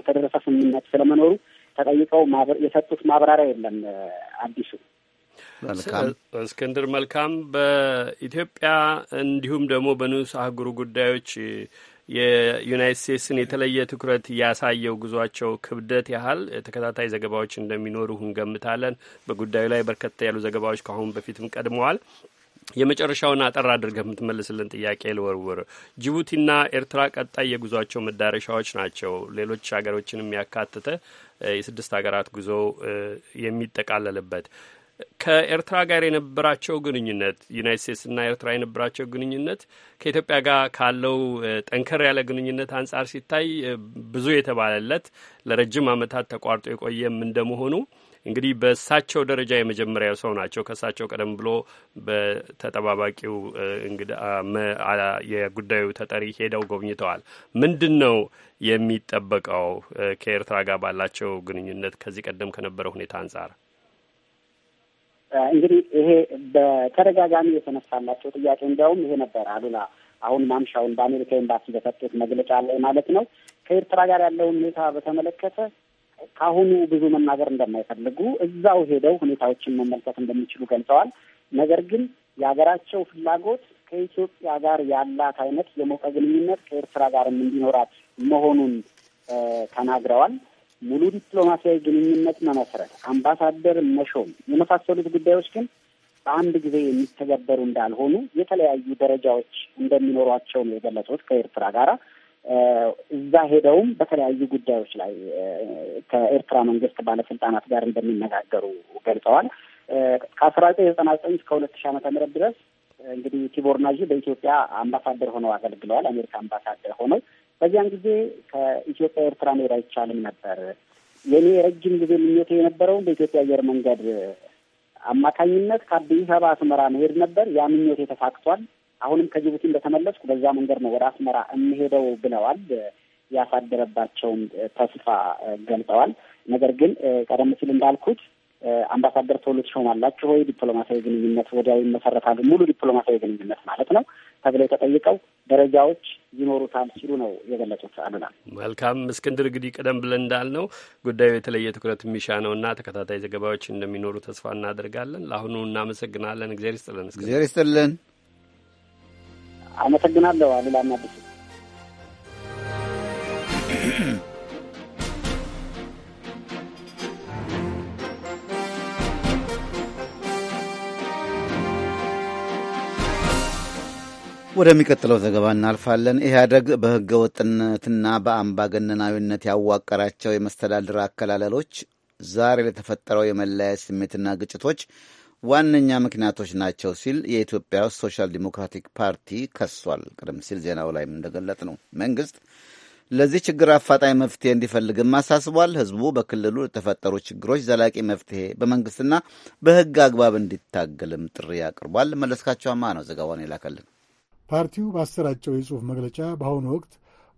የተደረሰ ስምምነት ስለመኖሩ ተጠይቀው የሰጡት ማብራሪያ የለም። አዲሱ እስክንድር መልካም በኢትዮጵያ እንዲሁም ደግሞ በንዑስ አህጉሩ ጉዳዮች የዩናይት ስቴትስን የተለየ ትኩረት ያሳየው ጉዟቸው ክብደት ያህል ተከታታይ ዘገባዎች እንደሚኖሩ እንገምታለን። በጉዳዩ ላይ በርከት ያሉ ዘገባዎች ከአሁን በፊትም ቀድመዋል። የመጨረሻውን አጠር አድርገህ የምትመልስልን ጥያቄ ልወርውር። ጅቡቲና ኤርትራ ቀጣይ የጉዟቸው መዳረሻዎች ናቸው። ሌሎች ሀገሮችንም ያካተተ የስድስት ሀገራት ጉዞ የሚጠቃለልበት ከኤርትራ ጋር የነበራቸው ግንኙነት ዩናይት ስቴትስና ኤርትራ የነበራቸው ግንኙነት ከኢትዮጵያ ጋር ካለው ጠንከር ያለ ግንኙነት አንጻር ሲታይ ብዙ የተባለለት ለረጅም ዓመታት ተቋርጦ የቆየም እንደመሆኑ እንግዲህ በእሳቸው ደረጃ የመጀመሪያው ሰው ናቸው። ከእሳቸው ቀደም ብሎ በተጠባባቂው የጉዳዩ ተጠሪ ሄደው ጎብኝተዋል። ምንድን ነው የሚጠበቀው ከኤርትራ ጋር ባላቸው ግንኙነት ከዚህ ቀደም ከነበረ ሁኔታ አንጻር? እንግዲህ ይሄ በተደጋጋሚ የተነሳላቸው ጥያቄ እንዲያውም ይሄ ነበር አሉላ አሁን ማምሻውን በአሜሪካ ኤምባሲ በሰጡት መግለጫ ላይ ማለት ነው ከኤርትራ ጋር ያለውን ሁኔታ በተመለከተ ከአሁኑ ብዙ መናገር እንደማይፈልጉ እዛው ሄደው ሁኔታዎችን መመልከት እንደሚችሉ ገልጸዋል። ነገር ግን የሀገራቸው ፍላጎት ከኢትዮጵያ ጋር ያላት አይነት የሞቀ ግንኙነት ከኤርትራ ጋርም እንዲኖራት መሆኑን ተናግረዋል። ሙሉ ዲፕሎማሲያዊ ግንኙነት መመስረት፣ አምባሳደር መሾም የመሳሰሉት ጉዳዮች ግን በአንድ ጊዜ የሚተገበሩ እንዳልሆኑ የተለያዩ ደረጃዎች እንደሚኖሯቸው ነው የገለጹት። ከኤርትራ ጋር እዛ ሄደውም በተለያዩ ጉዳዮች ላይ ከኤርትራ መንግስት ባለስልጣናት ጋር እንደሚነጋገሩ ገልጸዋል። ከአስራ ዘጠኝ ዘጠና ዘጠኝ እስከ ሁለት ሺህ ዓመተ ምህረት ድረስ እንግዲህ ቲቦር በኢትዮጵያ አምባሳደር ሆነው አገልግለዋል። አሜሪካ አምባሳደር ሆነው በዚያን ጊዜ ከኢትዮጵያ ኤርትራ መሄድ አይቻልም ነበር። የኔ ረጅም ጊዜ ምኞቴ የነበረው በኢትዮጵያ አየር መንገድ አማካኝነት ከአዲስ አበባ አስመራ መሄድ ነበር። ያ ምኞቴ ተሳክቷል። አሁንም ከጅቡቲ እንደተመለስኩ በዛ መንገድ ነው ወደ አስመራ እንሄደው ብለዋል። ያሳደረባቸውን ተስፋ ገልጠዋል። ነገር ግን ቀደም ሲል እንዳልኩት አምባሳደር ተብሎ ትሾማላችሁ ወይ? ዲፕሎማሲያዊ ግንኙነት ወዲያው ይመሰረታል፣ ሙሉ ዲፕሎማሲያዊ ግንኙነት ማለት ነው ተብለው ተጠይቀው ደረጃዎች ይኖሩታል ሲሉ ነው የገለጹት። አሉላ መልካም እስክንድር፣ እንግዲህ ቀደም ብለን እንዳልነው ጉዳዩ የተለየ ትኩረት የሚሻ እና ተከታታይ ዘገባዎች እንደሚኖሩ ተስፋ እናደርጋለን። ለአሁኑ እናመሰግናለን። እግዚአብሔር ይስጥልን። እግዚአብሔር ይስጥልን። አመሰግናለሁ አሉላ እና አዲሱ ወደሚቀጥለው ዘገባ እናልፋለን። ኢህአደግ በህገ ወጥነትና በአምባገነናዊነት ያዋቀራቸው የመስተዳድር አከላለሎች ዛሬ ለተፈጠረው የመለያየት ስሜትና ግጭቶች ዋነኛ ምክንያቶች ናቸው ሲል የኢትዮጵያ ሶሻል ዲሞክራቲክ ፓርቲ ከሷል። ቀደም ሲል ዜናው ላይም እንደገለጥ ነው መንግስት ለዚህ ችግር አፋጣኝ መፍትሄ እንዲፈልግም አሳስቧል። ህዝቡ በክልሉ ለተፈጠሩ ችግሮች ዘላቂ መፍትሄ በመንግስትና በህግ አግባብ እንዲታገልም ጥሪ አቅርቧል። አማ ነው ዘገባውን የላከልን። ፓርቲው ባሰራጨው የጽሑፍ መግለጫ በአሁኑ ወቅት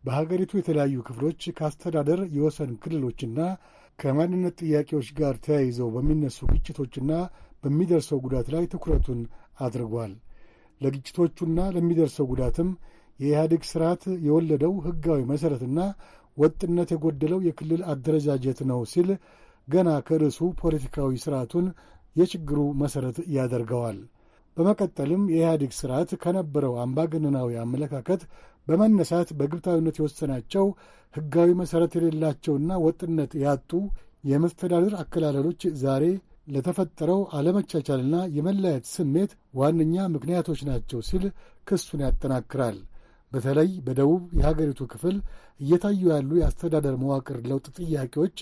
በሀገሪቱ የተለያዩ ክፍሎች ከአስተዳደር የወሰን ክልሎችና ከማንነት ጥያቄዎች ጋር ተያይዘው በሚነሱ ግጭቶችና በሚደርሰው ጉዳት ላይ ትኩረቱን አድርጓል። ለግጭቶቹና ለሚደርሰው ጉዳትም የኢህአዴግ ስርዓት የወለደው ሕጋዊ መሠረትና ወጥነት የጎደለው የክልል አደረጃጀት ነው ሲል ገና ከርዕሱ ፖለቲካዊ ስርዓቱን የችግሩ መሠረት ያደርገዋል። በመቀጠልም የኢህአዴግ ስርዓት ከነበረው አምባገነናዊ አመለካከት በመነሳት በግብታዊነት የወሰናቸው ሕጋዊ መሠረት የሌላቸውና ወጥነት ያጡ የመስተዳድር አከላለሎች ዛሬ ለተፈጠረው አለመቻቻልና የመለያየት ስሜት ዋነኛ ምክንያቶች ናቸው ሲል ክሱን ያጠናክራል። በተለይ በደቡብ የሀገሪቱ ክፍል እየታዩ ያሉ የአስተዳደር መዋቅር ለውጥ ጥያቄዎች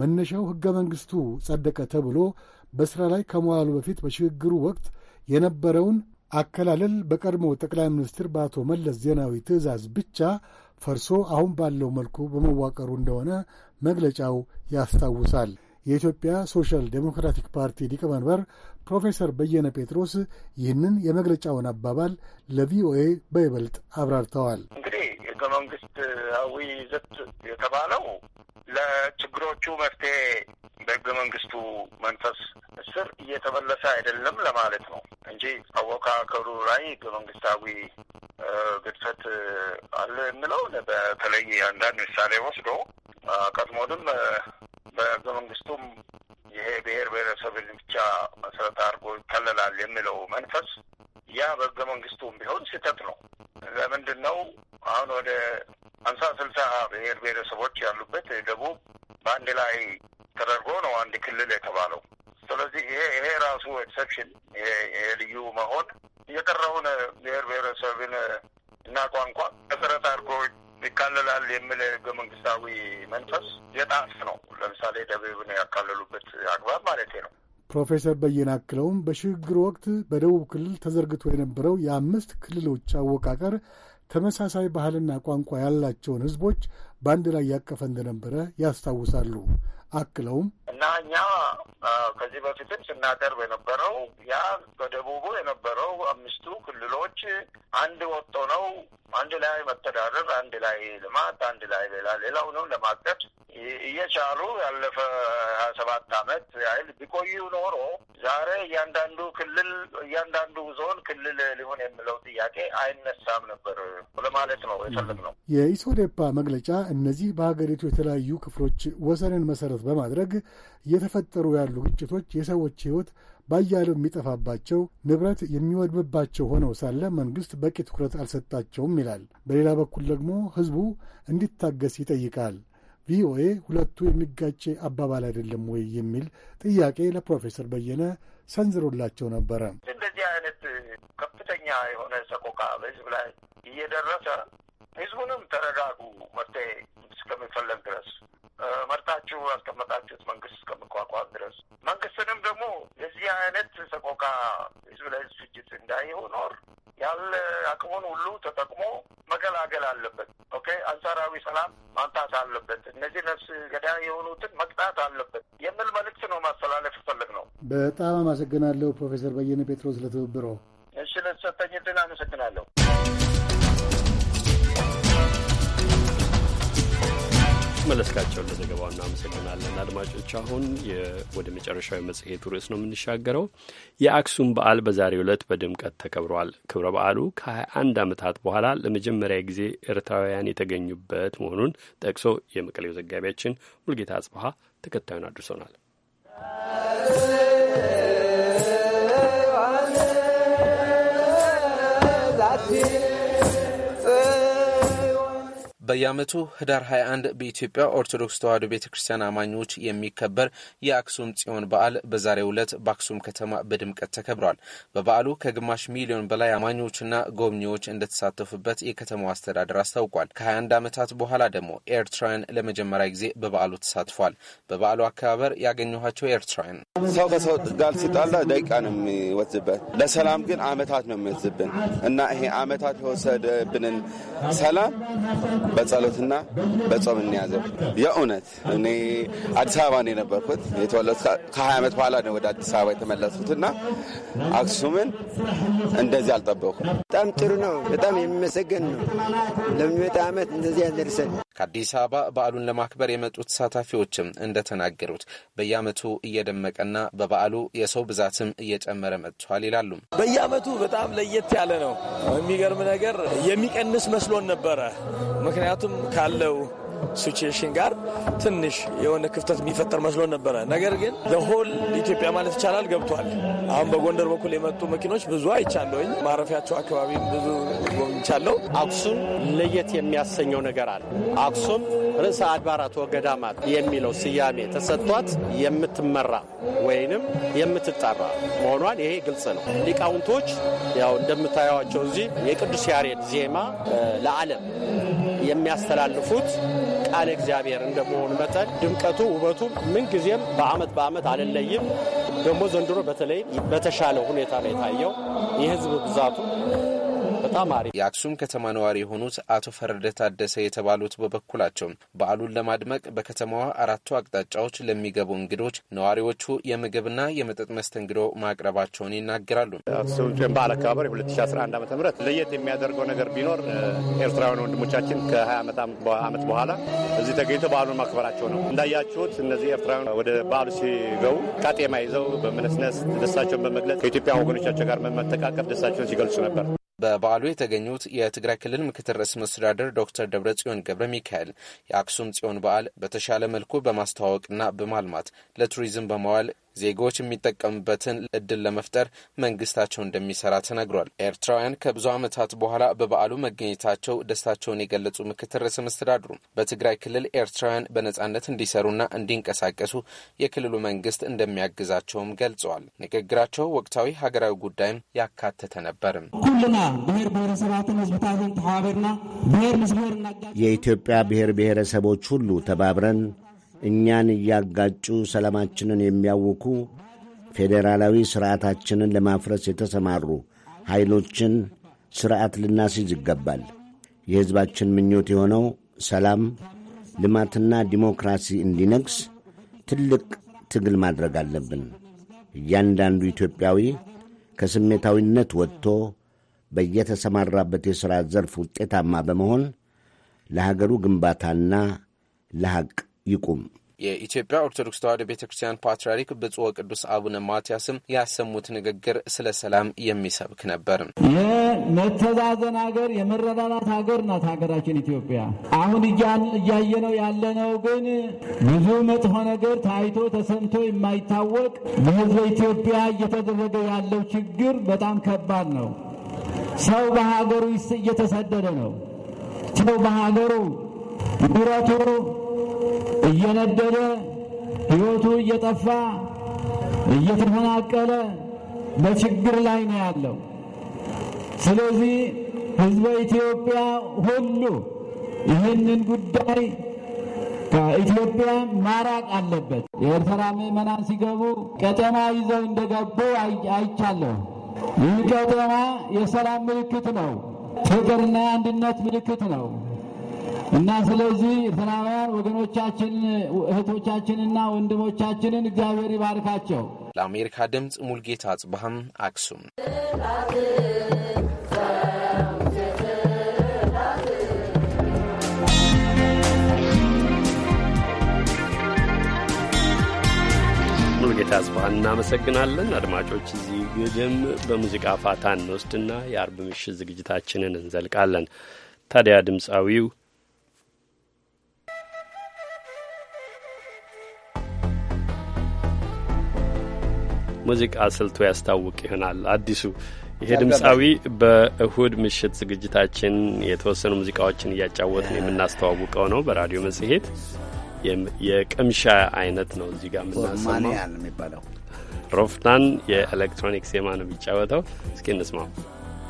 መነሻው ሕገ መንግሥቱ ጸደቀ ተብሎ በሥራ ላይ ከመዋሉ በፊት በሽግግሩ ወቅት የነበረውን አከላለል በቀድሞ ጠቅላይ ሚኒስትር በአቶ መለስ ዜናዊ ትእዛዝ ብቻ ፈርሶ አሁን ባለው መልኩ በመዋቀሩ እንደሆነ መግለጫው ያስታውሳል። የኢትዮጵያ ሶሻል ዴሞክራቲክ ፓርቲ ሊቀመንበር ፕሮፌሰር በየነ ጴጥሮስ ይህንን የመግለጫውን አባባል ለቪኦኤ በይበልጥ አብራርተዋል። እንግዲህ ሕገ መንግስታዊ ይዘት የተባለው ለችግሮቹ መፍትሄ በህገ መንግስቱ መንፈስ ስር እየተመለሰ አይደለም ለማለት ነው እንጂ አወቃቀሩ ላይ ህገ መንግስታዊ ግድፈት አለ የምለው በተለይ አንዳንድ ምሳሌ ወስዶ ቀድሞንም በህገ መንግስቱም ይሄ ብሔር ብሔረሰብን ብቻ መሰረት አድርጎ ይከለላል የሚለው መንፈስ ያ በህገ መንግስቱም ቢሆን ስህተት ነው። ለምንድን ነው አሁን ወደ ሃምሳ ስልሳ ብሔር ብሔረሰቦች ያሉበት ደቡብ በአንድ ላይ ተደርጎ ነው አንድ ክልል የተባለው። ስለዚህ ይሄ ይሄ ራሱ ኤክሰፕሽን ይሄ ልዩ መሆን የቀረውን ብሔር ብሔረሰብን እና ቋንቋ መሰረት አድርጎ ይካለላል የሚል ህገ መንግስታዊ መንፈስ የጣስ ነው። ለምሳሌ ደቡብን ያካለሉበት አግባብ ማለት ነው። ፕሮፌሰር በየነ አክለውም በሽግግር ወቅት በደቡብ ክልል ተዘርግቶ የነበረው የአምስት ክልሎች አወቃቀር ተመሳሳይ ባህልና ቋንቋ ያላቸውን ህዝቦች በአንድ ላይ ያቀፈ እንደነበረ ያስታውሳሉ። አክለውም እና እኛ ከዚህ በፊትም ስናቀርብ የነበረው ያ በደቡቡ የነበረው አምስቱ ክልሎች አንድ ወጥቶ ነው አንድ ላይ መተዳደር፣ አንድ ላይ ልማት፣ አንድ ላይ ሌላ ነው ለማቀድ እየቻሉ ያለፈ ሀያ ሰባት አመት ያህል ቢቆዩ ኖሮ ዛሬ እያንዳንዱ ክልል እያንዳንዱ ዞን ክልል ሊሆን የሚለው ጥያቄ አይነሳም ነበር ለማለት ነው የፈለግነው። የኢሶዴፓ መግለጫ እነዚህ በሀገሪቱ የተለያዩ ክፍሎች ወሰንን መሰረት መሰረት በማድረግ እየተፈጠሩ ያሉ ግጭቶች የሰዎች ሕይወት ባያሌው የሚጠፋባቸው ንብረት የሚወድምባቸው ሆነው ሳለ መንግሥት በቂ ትኩረት አልሰጣቸውም ይላል። በሌላ በኩል ደግሞ ሕዝቡ እንዲታገስ ይጠይቃል። ቪኦኤ ሁለቱ የሚጋጭ አባባል አይደለም ወይ የሚል ጥያቄ ለፕሮፌሰር በየነ ሰንዝሮላቸው ነበረ። እንደዚህ አይነት ከፍተኛ የሆነ ሰቆቃ በህዝብ ላይ እየደረሰ ህዝቡንም ተረጋጉ መፍትሄ እስከሚፈለግ ድረስ መርጣችሁ ያስቀመጣችሁት መንግስት እስከሚቋቋም ድረስ መንግስትንም ደግሞ የዚህ አይነት ሰቆቃ ህዝብ ለህዝብ ፍጅት እንዳይኖር ያለ አቅሙን ሁሉ ተጠቅሞ መገላገል አለበት። ኦኬ አንጻራዊ ሰላም ማምጣት አለበት። እነዚህ ነፍስ ገዳይ የሆኑትን መቅጣት አለበት የሚል መልእክት ነው ማስተላለፍ ይፈልግ ነው። በጣም አመሰግናለሁ ፕሮፌሰር በየነ ጴጥሮስ ለትብብሮ። እሺ ለተሰጠኝ ዕድል አመሰግናለሁ። መለስካቸውን ለዘገባው እናመሰግናለን። አድማጮች አሁን ወደ መጨረሻዊ መጽሔቱ ርዕስ ነው የምንሻገረው። የአክሱም በዓል በዛሬው ዕለት በድምቀት ተከብሯል። ክብረ በዓሉ ከ21 ዓመታት በኋላ ለመጀመሪያ ጊዜ ኤርትራውያን የተገኙበት መሆኑን ጠቅሶ የመቀሌው ዘጋቢያችን ሙልጌታ አጽበሀ ተከታዩን አድርሶናል። Yeah. በየዓመቱ ህዳር 21 በኢትዮጵያ ኦርቶዶክስ ተዋሕዶ ቤተ ክርስቲያን አማኞች የሚከበር የአክሱም ጽዮን በዓል በዛሬው ዕለት በአክሱም ከተማ በድምቀት ተከብሯል። በበዓሉ ከግማሽ ሚሊዮን በላይ አማኞችና ጎብኚዎች እንደተሳተፉበት የከተማው አስተዳደር አስታውቋል። ከ21 ዓመታት በኋላ ደግሞ ኤርትራውያን ለመጀመሪያ ጊዜ በበዓሉ ተሳትፏል። በበዓሉ አከባበር ያገኘኋቸው ኤርትራውያን ሰው ከሰው ጋር ሲጣላ ደቂቃ ነው የሚወዝበት፣ ለሰላም ግን ዓመታት ነው የሚወዝብን እና ይሄ ዓመታት የወሰደብንን ሰላም በጸሎትና በጾም እንያዘው። የእውነት እኔ አዲስ አበባ ነው የነበርኩት የተወለድኩት። ከሀያ ዓመት በኋላ ነው ወደ አዲስ አበባ የተመለስኩትና አክሱምን እንደዚህ አልጠበኩም። በጣም ጥሩ ነው። በጣም የሚመሰገን ነው። ለሚመጣ ዓመት እንደዚህ ያደርሰን። ከአዲስ አበባ በዓሉን ለማክበር የመጡት ተሳታፊዎችም እንደተናገሩት በየዓመቱ እየደመቀና በበዓሉ የሰው ብዛትም እየጨመረ መጥቷል ይላሉ። በየዓመቱ በጣም ለየት ያለ ነው። የሚገርም ነገር የሚቀንስ መስሎን ነበረ። ምክንያቱም ካለው ሲቹዌሽን ጋር ትንሽ የሆነ ክፍተት የሚፈጠር መስሎ ነበረ። ነገር ግን ለሆል ኢትዮጵያ ማለት ይቻላል ገብቷል። አሁን በጎንደር በኩል የመጡ መኪኖች ብዙ አይቻለሁኝ። ማረፊያቸው አካባቢ ብዙ ጎብኝቻለሁ። አክሱም ለየት የሚያሰኘው ነገር አለ። አክሱም ርዕሰ አድባራት ወገዳማት የሚለው ስያሜ ተሰጥቷት የምትመራ ወይንም የምትጠራ መሆኗን ይሄ ግልጽ ነው። ሊቃውንቶች ያው እንደምታየዋቸው እዚህ የቅዱስ ያሬድ ዜማ ለዓለም የሚያስተላልፉት ቃል እግዚአብሔር እንደመሆኑ መጠን ድምቀቱ፣ ውበቱ ምንጊዜም በአመት በአመት አልለይም። ደግሞ ዘንድሮ በተለይ በተሻለ ሁኔታ ነው የታየው የህዝብ ብዛቱ በጣም አሪፍ። የአክሱም ከተማ ነዋሪ የሆኑት አቶ ፈረደ ታደሰ የተባሉት በበኩላቸው በዓሉን ለማድመቅ በከተማዋ አራቱ አቅጣጫዎች ለሚገቡ እንግዶች ነዋሪዎቹ የምግብና የመጠጥ መስተንግዶ ማቅረባቸውን ይናገራሉ። አክሱም በዓል አከባበር 2011 ዓ ም ለየት የሚያደርገው ነገር ቢኖር ኤርትራውያን ወንድሞቻችን ከ20 ዓመት በኋላ እዚህ ተገኝቶ በዓሉን ማክበራቸው ነው። እንዳያችሁት እነዚህ ኤርትራውያን ወደ በዓሉ ሲገቡ ቃጤማ ይዘው በመነስነስ ደስታቸውን በመግለጽ ከኢትዮጵያ ወገኖቻቸው ጋር በመተቃቀፍ ደስታቸውን ሲገልጹ ነበር። በበዓሉ የተገኙት የትግራይ ክልል ምክትል ርዕሰ መስተዳደር ዶክተር ደብረጽዮን ገብረ ሚካኤል የአክሱም ጽዮን በዓል በተሻለ መልኩ በማስተዋወቅና በማልማት ለቱሪዝም በመዋል ዜጎች የሚጠቀምበትን እድል ለመፍጠር መንግስታቸው እንደሚሰራ ተነግሯል። ኤርትራውያን ከብዙ ዓመታት በኋላ በበዓሉ መገኘታቸው ደስታቸውን የገለጹ ምክትል ርዕሰ መስተዳድሩ በትግራይ ክልል ኤርትራውያን በነጻነት እንዲሰሩና እንዲንቀሳቀሱ የክልሉ መንግስት እንደሚያግዛቸውም ገልጸዋል። ንግግራቸው ወቅታዊ ሀገራዊ ጉዳይም ያካተተ ነበርም። ኩልና ብሔር ብሔረሰባትን ህዝብታትን ብሔር ምስ ብሔር የኢትዮጵያ ብሔር ብሔረሰቦች ሁሉ ተባብረን እኛን እያጋጩ ሰላማችንን የሚያውኩ ፌዴራላዊ ሥርዓታችንን ለማፍረስ የተሰማሩ ኃይሎችን ሥርዓት ልናስይዝ ይገባል። የሕዝባችን ምኞት የሆነው ሰላም፣ ልማትና ዲሞክራሲ እንዲነግስ ትልቅ ትግል ማድረግ አለብን። እያንዳንዱ ኢትዮጵያዊ ከስሜታዊነት ወጥቶ በየተሰማራበት የሥራ ዘርፍ ውጤታማ በመሆን ለሀገሩ ግንባታና ለሐቅ ይቁም። የኢትዮጵያ ኦርቶዶክስ ተዋሕዶ ቤተ ክርስቲያን ፓትርያርክ ብፁዕ ወቅዱስ አቡነ ማትያስም ያሰሙት ንግግር ስለ ሰላም የሚሰብክ ነበር። የመተዛዘን ሀገር፣ የመረዳዳት ሀገር ናት ሀገራችን ኢትዮጵያ። አሁን እያየነው ያለነው ግን ብዙ መጥፎ ነገር ታይቶ ተሰምቶ የማይታወቅ በሕዝበ ኢትዮጵያ እየተደረገ ያለው ችግር በጣም ከባድ ነው። ሰው በሀገሩ እየተሰደደ ነው። ሰው በሀገሩ ምረቱ እየነደደ ሕይወቱ እየጠፋ እየተፈናቀለ በችግር ላይ ነው ያለው። ስለዚህ ሕዝበ ኢትዮጵያ ሁሉ ይህንን ጉዳይ ከኢትዮጵያ ማራቅ አለበት። የኤርትራ ምዕመናን ሲገቡ ቀጠና ይዘው እንደገቡ አይቻለሁ። ይህ ቀጠና የሰላም ምልክት ነው። ፍቅርና አንድነት ምልክት ነው። እና ስለዚህ ኤርትራውያን ወገኖቻችን እህቶቻችንና ወንድሞቻችንን እግዚአብሔር ይባርካቸው። ለአሜሪካ ድምፅ ሙልጌታ አጽባህም አክሱም። ሙልጌታ አጽባህን እናመሰግናለን። አድማጮች እዚህ ግድም በሙዚቃ ፋታ እንወስድና የአርብ ምሽት ዝግጅታችንን እንዘልቃለን። ታዲያ ድምፃዊው ሙዚቃ ስልቱ ያስታውቅ ይሆናል። አዲሱ ይሄ ድምፃዊ በእሁድ ምሽት ዝግጅታችን የተወሰኑ ሙዚቃዎችን እያጫወትን የምናስተዋውቀው ነው። በራዲዮ መጽሔት የቅምሻ አይነት ነው። እዚህ ጋር የምናሰማው የሚባለው ሮፍታን የኤሌክትሮኒክስ ዜማ ነው የሚጫወተው። እስኪ እንስማው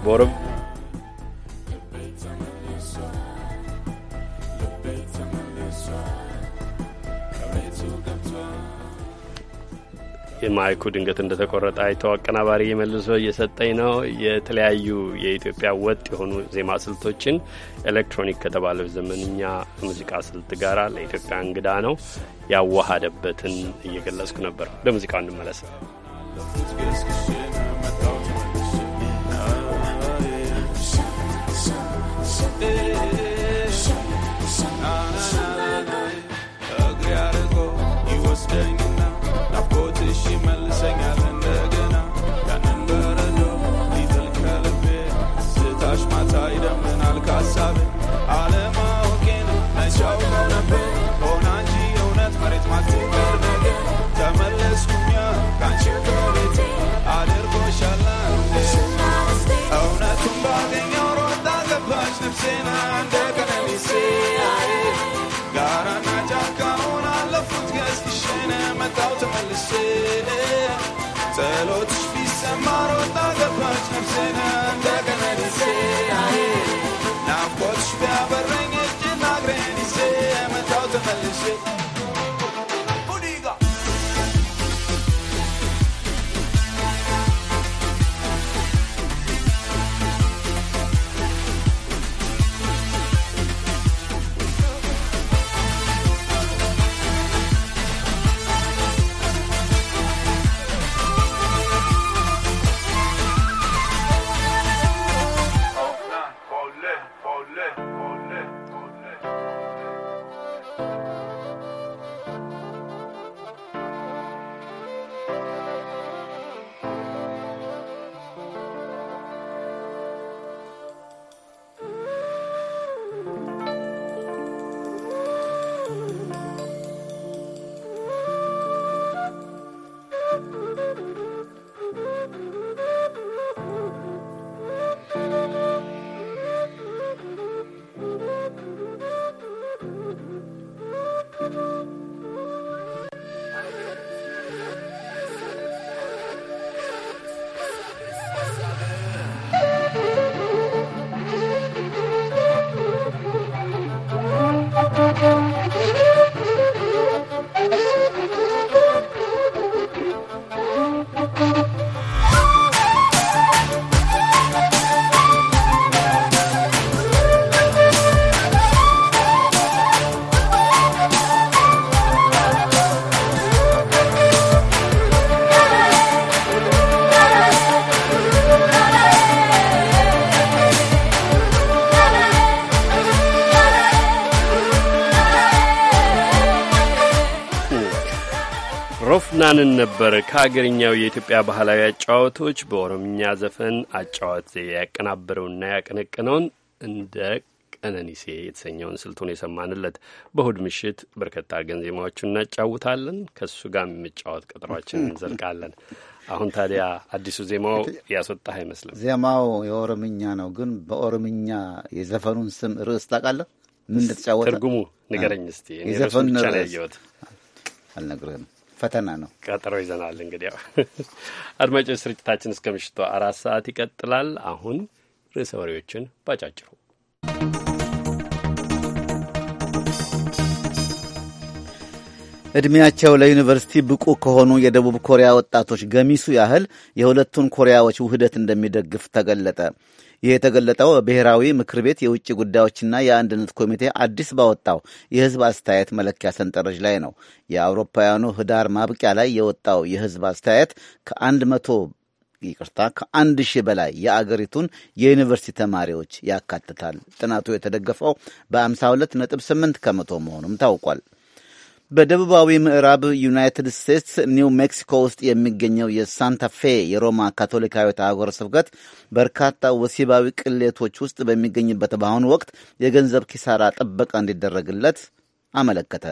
ቦርብ የማይኩ ድንገት እንደተቆረጠ አይተው አቀናባሪ መልሶ እየሰጠኝ ነው። የተለያዩ የኢትዮጵያ ወጥ የሆኑ ዜማ ስልቶችን ኤሌክትሮኒክ ከተባለው ዘመንኛ ሙዚቃ ስልት ጋራ ለኢትዮጵያ እንግዳ ነው ያዋሃደበትን እየገለጽኩ ነበር። ወደ ሙዚቃው እንመለስ። Dang I'm Now, what's ሰምተን ነበር። ከሀገርኛው የኢትዮጵያ ባህላዊ አጫዋቶች በኦሮምኛ ዘፈን አጫዋት ዜ ያቀናበረውና ያቀነቀነውን እንደ ቀነኒሴ የተሰኘውን ስልቱን የሰማንለት። በእሁድ ምሽት በርከት አድርገን ዜማዎቹን እናጫውታለን። ከሱ ጋር የምጫወት ቀጠሯችን እንዘልቃለን። አሁን ታዲያ አዲሱ ዜማው ያስወጣህ አይመስልም። ዜማው የኦሮምኛ ነው፣ ግን በኦሮምኛ የዘፈኑን ስም ርዕስ ታውቃለህ? ምን እንደተጫወተ ትርጉሙ ንገረኝ እስቲ። የዘፈኑን ርዕስ አልነግርህም። ፈተና ነው። ቀጠሮ ይዘናል። እንግዲያው አድማጮች፣ ስርጭታችን እስከ ምሽቱ አራት ሰዓት ይቀጥላል። አሁን ርዕሰ ወሬዎችን ባጫጭሩ ዕድሜያቸው ለዩኒቨርሲቲ ብቁ ከሆኑ የደቡብ ኮሪያ ወጣቶች ገሚሱ ያህል የሁለቱን ኮሪያዎች ውህደት እንደሚደግፍ ተገለጠ። ይህ የተገለጠው ብሔራዊ ምክር ቤት የውጭ ጉዳዮችና የአንድነት ኮሚቴ አዲስ ባወጣው የህዝብ አስተያየት መለኪያ ሰንጠረዥ ላይ ነው። የአውሮፓውያኑ ህዳር ማብቂያ ላይ የወጣው የህዝብ አስተያየት ከአንድ መቶ ይቅርታ ከአንድ ሺህ በላይ የአገሪቱን የዩኒቨርሲቲ ተማሪዎች ያካትታል። ጥናቱ የተደገፈው በ 528 ከመቶ መሆኑም ታውቋል። በደቡባዊ ምዕራብ ዩናይትድ ስቴትስ ኒው ሜክሲኮ ውስጥ የሚገኘው የሳንታ ፌ የሮማ ካቶሊካዊት አህጉረ ስብከት በርካታ ወሲባዊ ቅሌቶች ውስጥ በሚገኝበት በአሁኑ ወቅት የገንዘብ ኪሳራ ጥበቃ እንዲደረግለት አመለከተ።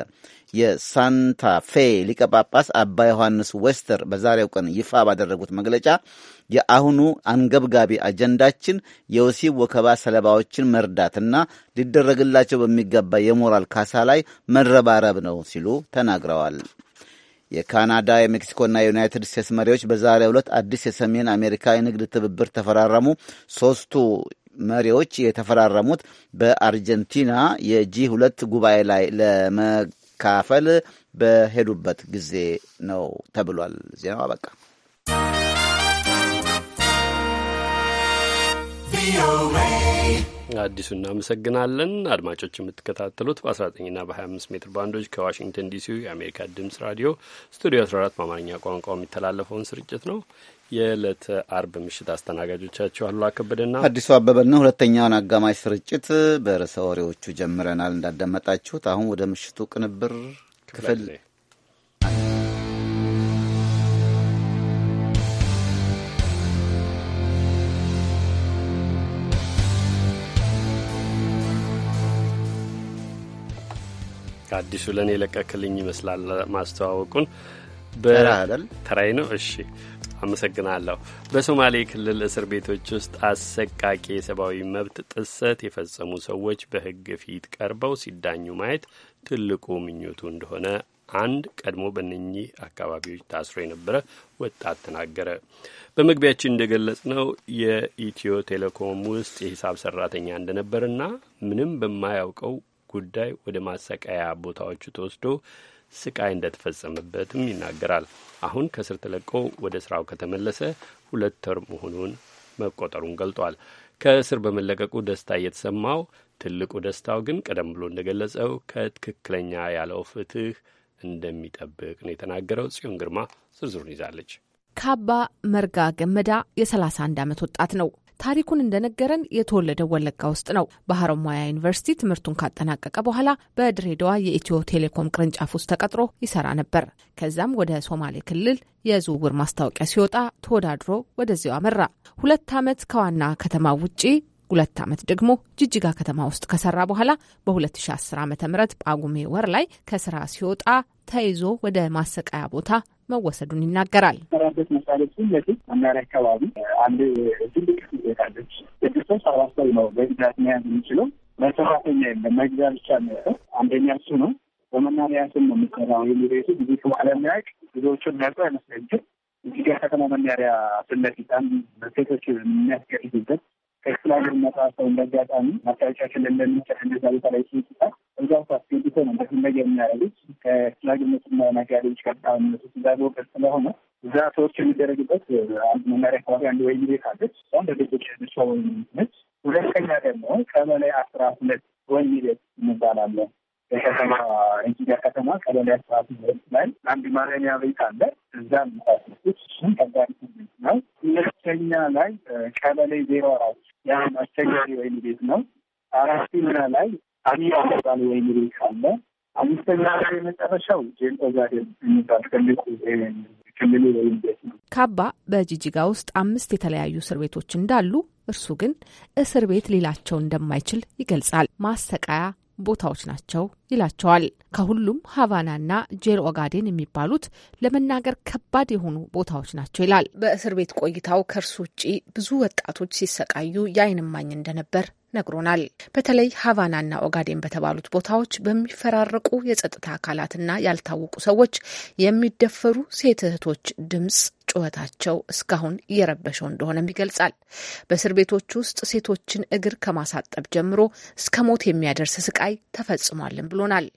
የሳንታ ፌ ሊቀ ጳጳስ አባ ዮሐንስ ዌስተር በዛሬው ቀን ይፋ ባደረጉት መግለጫ የአሁኑ አንገብጋቢ አጀንዳችን የወሲብ ወከባ ሰለባዎችን መርዳትና ሊደረግላቸው በሚገባ የሞራል ካሳ ላይ መረባረብ ነው ሲሉ ተናግረዋል። የካናዳ የሜክሲኮና የዩናይትድ ስቴትስ መሪዎች በዛሬው ዕለት አዲስ የሰሜን አሜሪካ የንግድ ትብብር ተፈራረሙ። ሶስቱ መሪዎች የተፈራረሙት በአርጀንቲና የጂ ሁለት ጉባኤ ላይ ለመካፈል በሄዱበት ጊዜ ነው ተብሏል። ዜናው አበቃ። አዲሱ እናመሰግናለን። አድማጮች የምትከታተሉት በ19ና በ25 ሜትር ባንዶች ከዋሽንግተን ዲሲ የአሜሪካ ድምጽ ራዲዮ ስቱዲዮ 14 በአማርኛ ቋንቋ የሚተላለፈውን ስርጭት ነው። የዕለተ አርብ ምሽት አስተናጋጆቻችሁ አሉላ ከበደና አዲሱ አበበና ሁለተኛውን አጋማሽ ስርጭት በርዕሰ ወሬዎቹ ጀምረናል። እንዳዳመጣችሁት አሁን ወደ ምሽቱ ቅንብር ክፍል አዲሱ ለእኔ ለቀክልኝ ይመስላል ማስተዋወቁን በተራይ ነው። እሺ አመሰግናለሁ። በሶማሌ ክልል እስር ቤቶች ውስጥ አሰቃቂ የሰብአዊ መብት ጥሰት የፈጸሙ ሰዎች በሕግ ፊት ቀርበው ሲዳኙ ማየት ትልቁ ምኞቱ እንደሆነ አንድ ቀድሞ በእነኚህ አካባቢዎች ታስሮ የነበረ ወጣት ተናገረ። በመግቢያችን እንደገለጽ ነው የኢትዮ ቴሌኮም ውስጥ የሂሳብ ሰራተኛ እንደነበርና ምንም በማያውቀው ጉዳይ ወደ ማሰቃያ ቦታዎቹ ተወስዶ ስቃይ እንደተፈጸመበትም ይናገራል። አሁን ከስር ተለቆ ወደ ስራው ከተመለሰ ሁለት ወር መሆኑን መቆጠሩን ገልጧል። ከእስር በመለቀቁ ደስታ እየተሰማው ትልቁ ደስታው ግን ቀደም ብሎ እንደገለጸው ከትክክለኛ ያለው ፍትህ እንደሚጠብቅ ነው የተናገረው። ጽዮን ግርማ ዝርዝሩን ይዛለች። ካባ መርጋ ገመዳ የ31 ዓመት ወጣት ነው። ታሪኩን እንደነገረን የተወለደው ወለጋ ውስጥ ነው። በሀረማያ ዩኒቨርሲቲ ትምህርቱን ካጠናቀቀ በኋላ በድሬዳዋ የኢትዮ ቴሌኮም ቅርንጫፍ ውስጥ ተቀጥሮ ይሰራ ነበር። ከዛም ወደ ሶማሌ ክልል የዝውውር ማስታወቂያ ሲወጣ ተወዳድሮ ወደዚያው አመራ። ሁለት ዓመት ከዋና ከተማ ውጪ ሁለት ዓመት ደግሞ ጅጅጋ ከተማ ውስጥ ከሰራ በኋላ በ2010 ዓ ም ጳጉሜ ወር ላይ ከስራ ሲወጣ ተይዞ ወደ ማሰቃያ ቦታ መወሰዱን ይናገራል። ራበት መሳሌ ፊት ለፊት አናሪ አካባቢ አንድ ትልቅ ቤታለች። የክርሰው ሰባት ሰው ነው በብዛት መያዝ የሚችለው መሰራተኛ የለም መግዛ ብቻ ነው። አንደኛ እሱ ነው። በመናሪያ ስም ነው የሚሰራው። ቤቱ ብዙ ሰው አለሚያውቅ ብዙዎቹ የሚያውቁ አይመስለኝም። እዚህ ጋር ከተማ መናሪያ ፊት ለፊት አንድ ሴቶች የሚያስገድዱበት ኤርትራ ልመጣ ሰው እንደጋጣሚ ማስታወቂያ ክልል ለሚጨት እንደዛ ቦታ ላይ ሲንስታ እዛው ሳስገድቶ ነው እንደዚህ ነገር የሚያደርጉት ከኤርትራ ግነትና ነጋዴዎች ከጣምነቱ እዛ ቦታ ስለሆነ እዛ ሰዎች የሚደረግበት አንድ መመሪያ አካባቢ አንድ ወይ ቤት ካለች እሷን ለቤቶች ሰው ነች። ሁለተኛ ደግሞ ቀበሌ አስራ ሁለት ወይ ቤት እንባላለን የከተማ እንጂዳ ከተማ ቀበሌ አስራት ዩኒቨርሲቲ ላይ አንድ ማረሚያ ቤት አለ። እዛም ሳቶች እሱም ተጋሪ ስድስት ነው። ሁለተኛ ላይ ቀበሌ ዜሮ አራት ያ አስቸጋሪ ወይን ቤት ነው። አራተኛ ላይ አሚያ አባባል ወይን ቤት አለ። አምስተኛ ላይ የመጨረሻው ጄንጦ ጋርደን የሚባል ትልቁ ክልሉ ወይን ቤት ነው። ካባ በጂጂጋ ውስጥ አምስት የተለያዩ እስር ቤቶች እንዳሉ እርሱ ግን እስር ቤት ሌላቸው እንደማይችል ይገልጻል። ማሰቃያ ቦታዎች ናቸው ይላቸዋል። ከሁሉም ሀቫናና ጄል ኦጋዴን የሚባሉት ለመናገር ከባድ የሆኑ ቦታዎች ናቸው ይላል። በእስር ቤት ቆይታው ከእርሱ ውጪ ብዙ ወጣቶች ሲሰቃዩ የአይን እማኝ እንደነበር ነግሮናል። በተለይ ሀቫናና ኦጋዴን በተባሉት ቦታዎች በሚፈራረቁ የጸጥታ አካላትና ያልታወቁ ሰዎች የሚደፈሩ ሴት እህቶች ድምጽ ጩኸታቸው እስካሁን እየረበሸው እንደሆነም ይገልጻል። በእስር ቤቶች ውስጥ ሴቶችን እግር ከማሳጠብ ጀምሮ እስከ ሞት የሚያደርስ ስቃይ ተፈጽሟልም ብሎናል።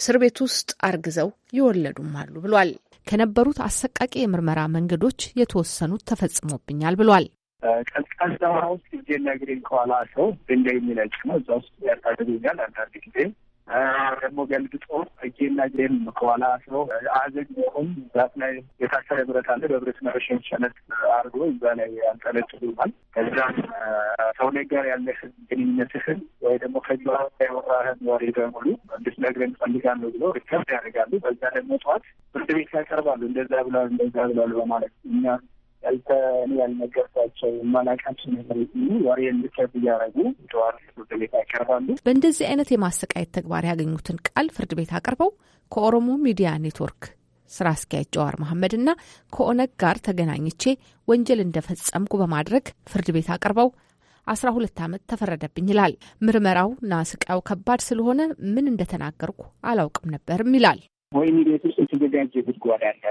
እስር ቤት ውስጥ አርግዘው ይወለዱም አሉ ብሏል። ከነበሩት አሰቃቂ የምርመራ መንገዶች የተወሰኑት ተፈጽሞብኛል ብሏል። ቀዝቃዛ ውሃ ውስጥ እጄና እግሬን ከኋላ ሰው ድንጋይ የሚነጭ ነው። እዛ ውስጥ ያታደገኛል። አንዳንድ ጊዜ ደግሞ ገልግጦ እጄና እግሬን ከኋላ ሰው አዘግቆም ዛት ላይ የታሰረ ብረት አለ። በብረት መረሸን ሸነት አድርጎ እዛ ላይ አንጠለጥሉናል። ከዛም ሰው ላይ ጋር ያለህን ግንኙነትህን ወይ ደግሞ ከዚ ያወራህን ወሬ በሙሉ እንድትነግረን ፈልጋለሁ ብሎ ሪከርድ ያደርጋሉ። በዛ ደግሞ ጠዋት ፍርድ ቤት ያቀርባሉ። እንደዛ ብሏል፣ እንደዛ ብሏል በማለት እኛ ያልተ ያልነገርኳቸው የማላውቃቸው ነገር ወሬ እንድከብ እያደረጉ ጨዋር ፍርድ ቤት ያቀርባሉ። በእንደዚህ አይነት የማሰቃየት ተግባር ያገኙትን ቃል ፍርድ ቤት አቅርበው ከኦሮሞ ሚዲያ ኔትወርክ ስራ አስኪያጅ ጀዋር መሐመድ እና ከኦነግ ጋር ተገናኝቼ ወንጀል እንደፈጸምኩ በማድረግ ፍርድ ቤት አቅርበው አስራ ሁለት ዓመት ተፈረደብኝ ይላል። ምርመራው ና ስቃዩ ከባድ ስለሆነ ምን እንደተናገርኩ አላውቅም ነበርም ይላል። ወይኒ ቤት ውስጥ የተዘጋጀ ጉድጓድ አለ።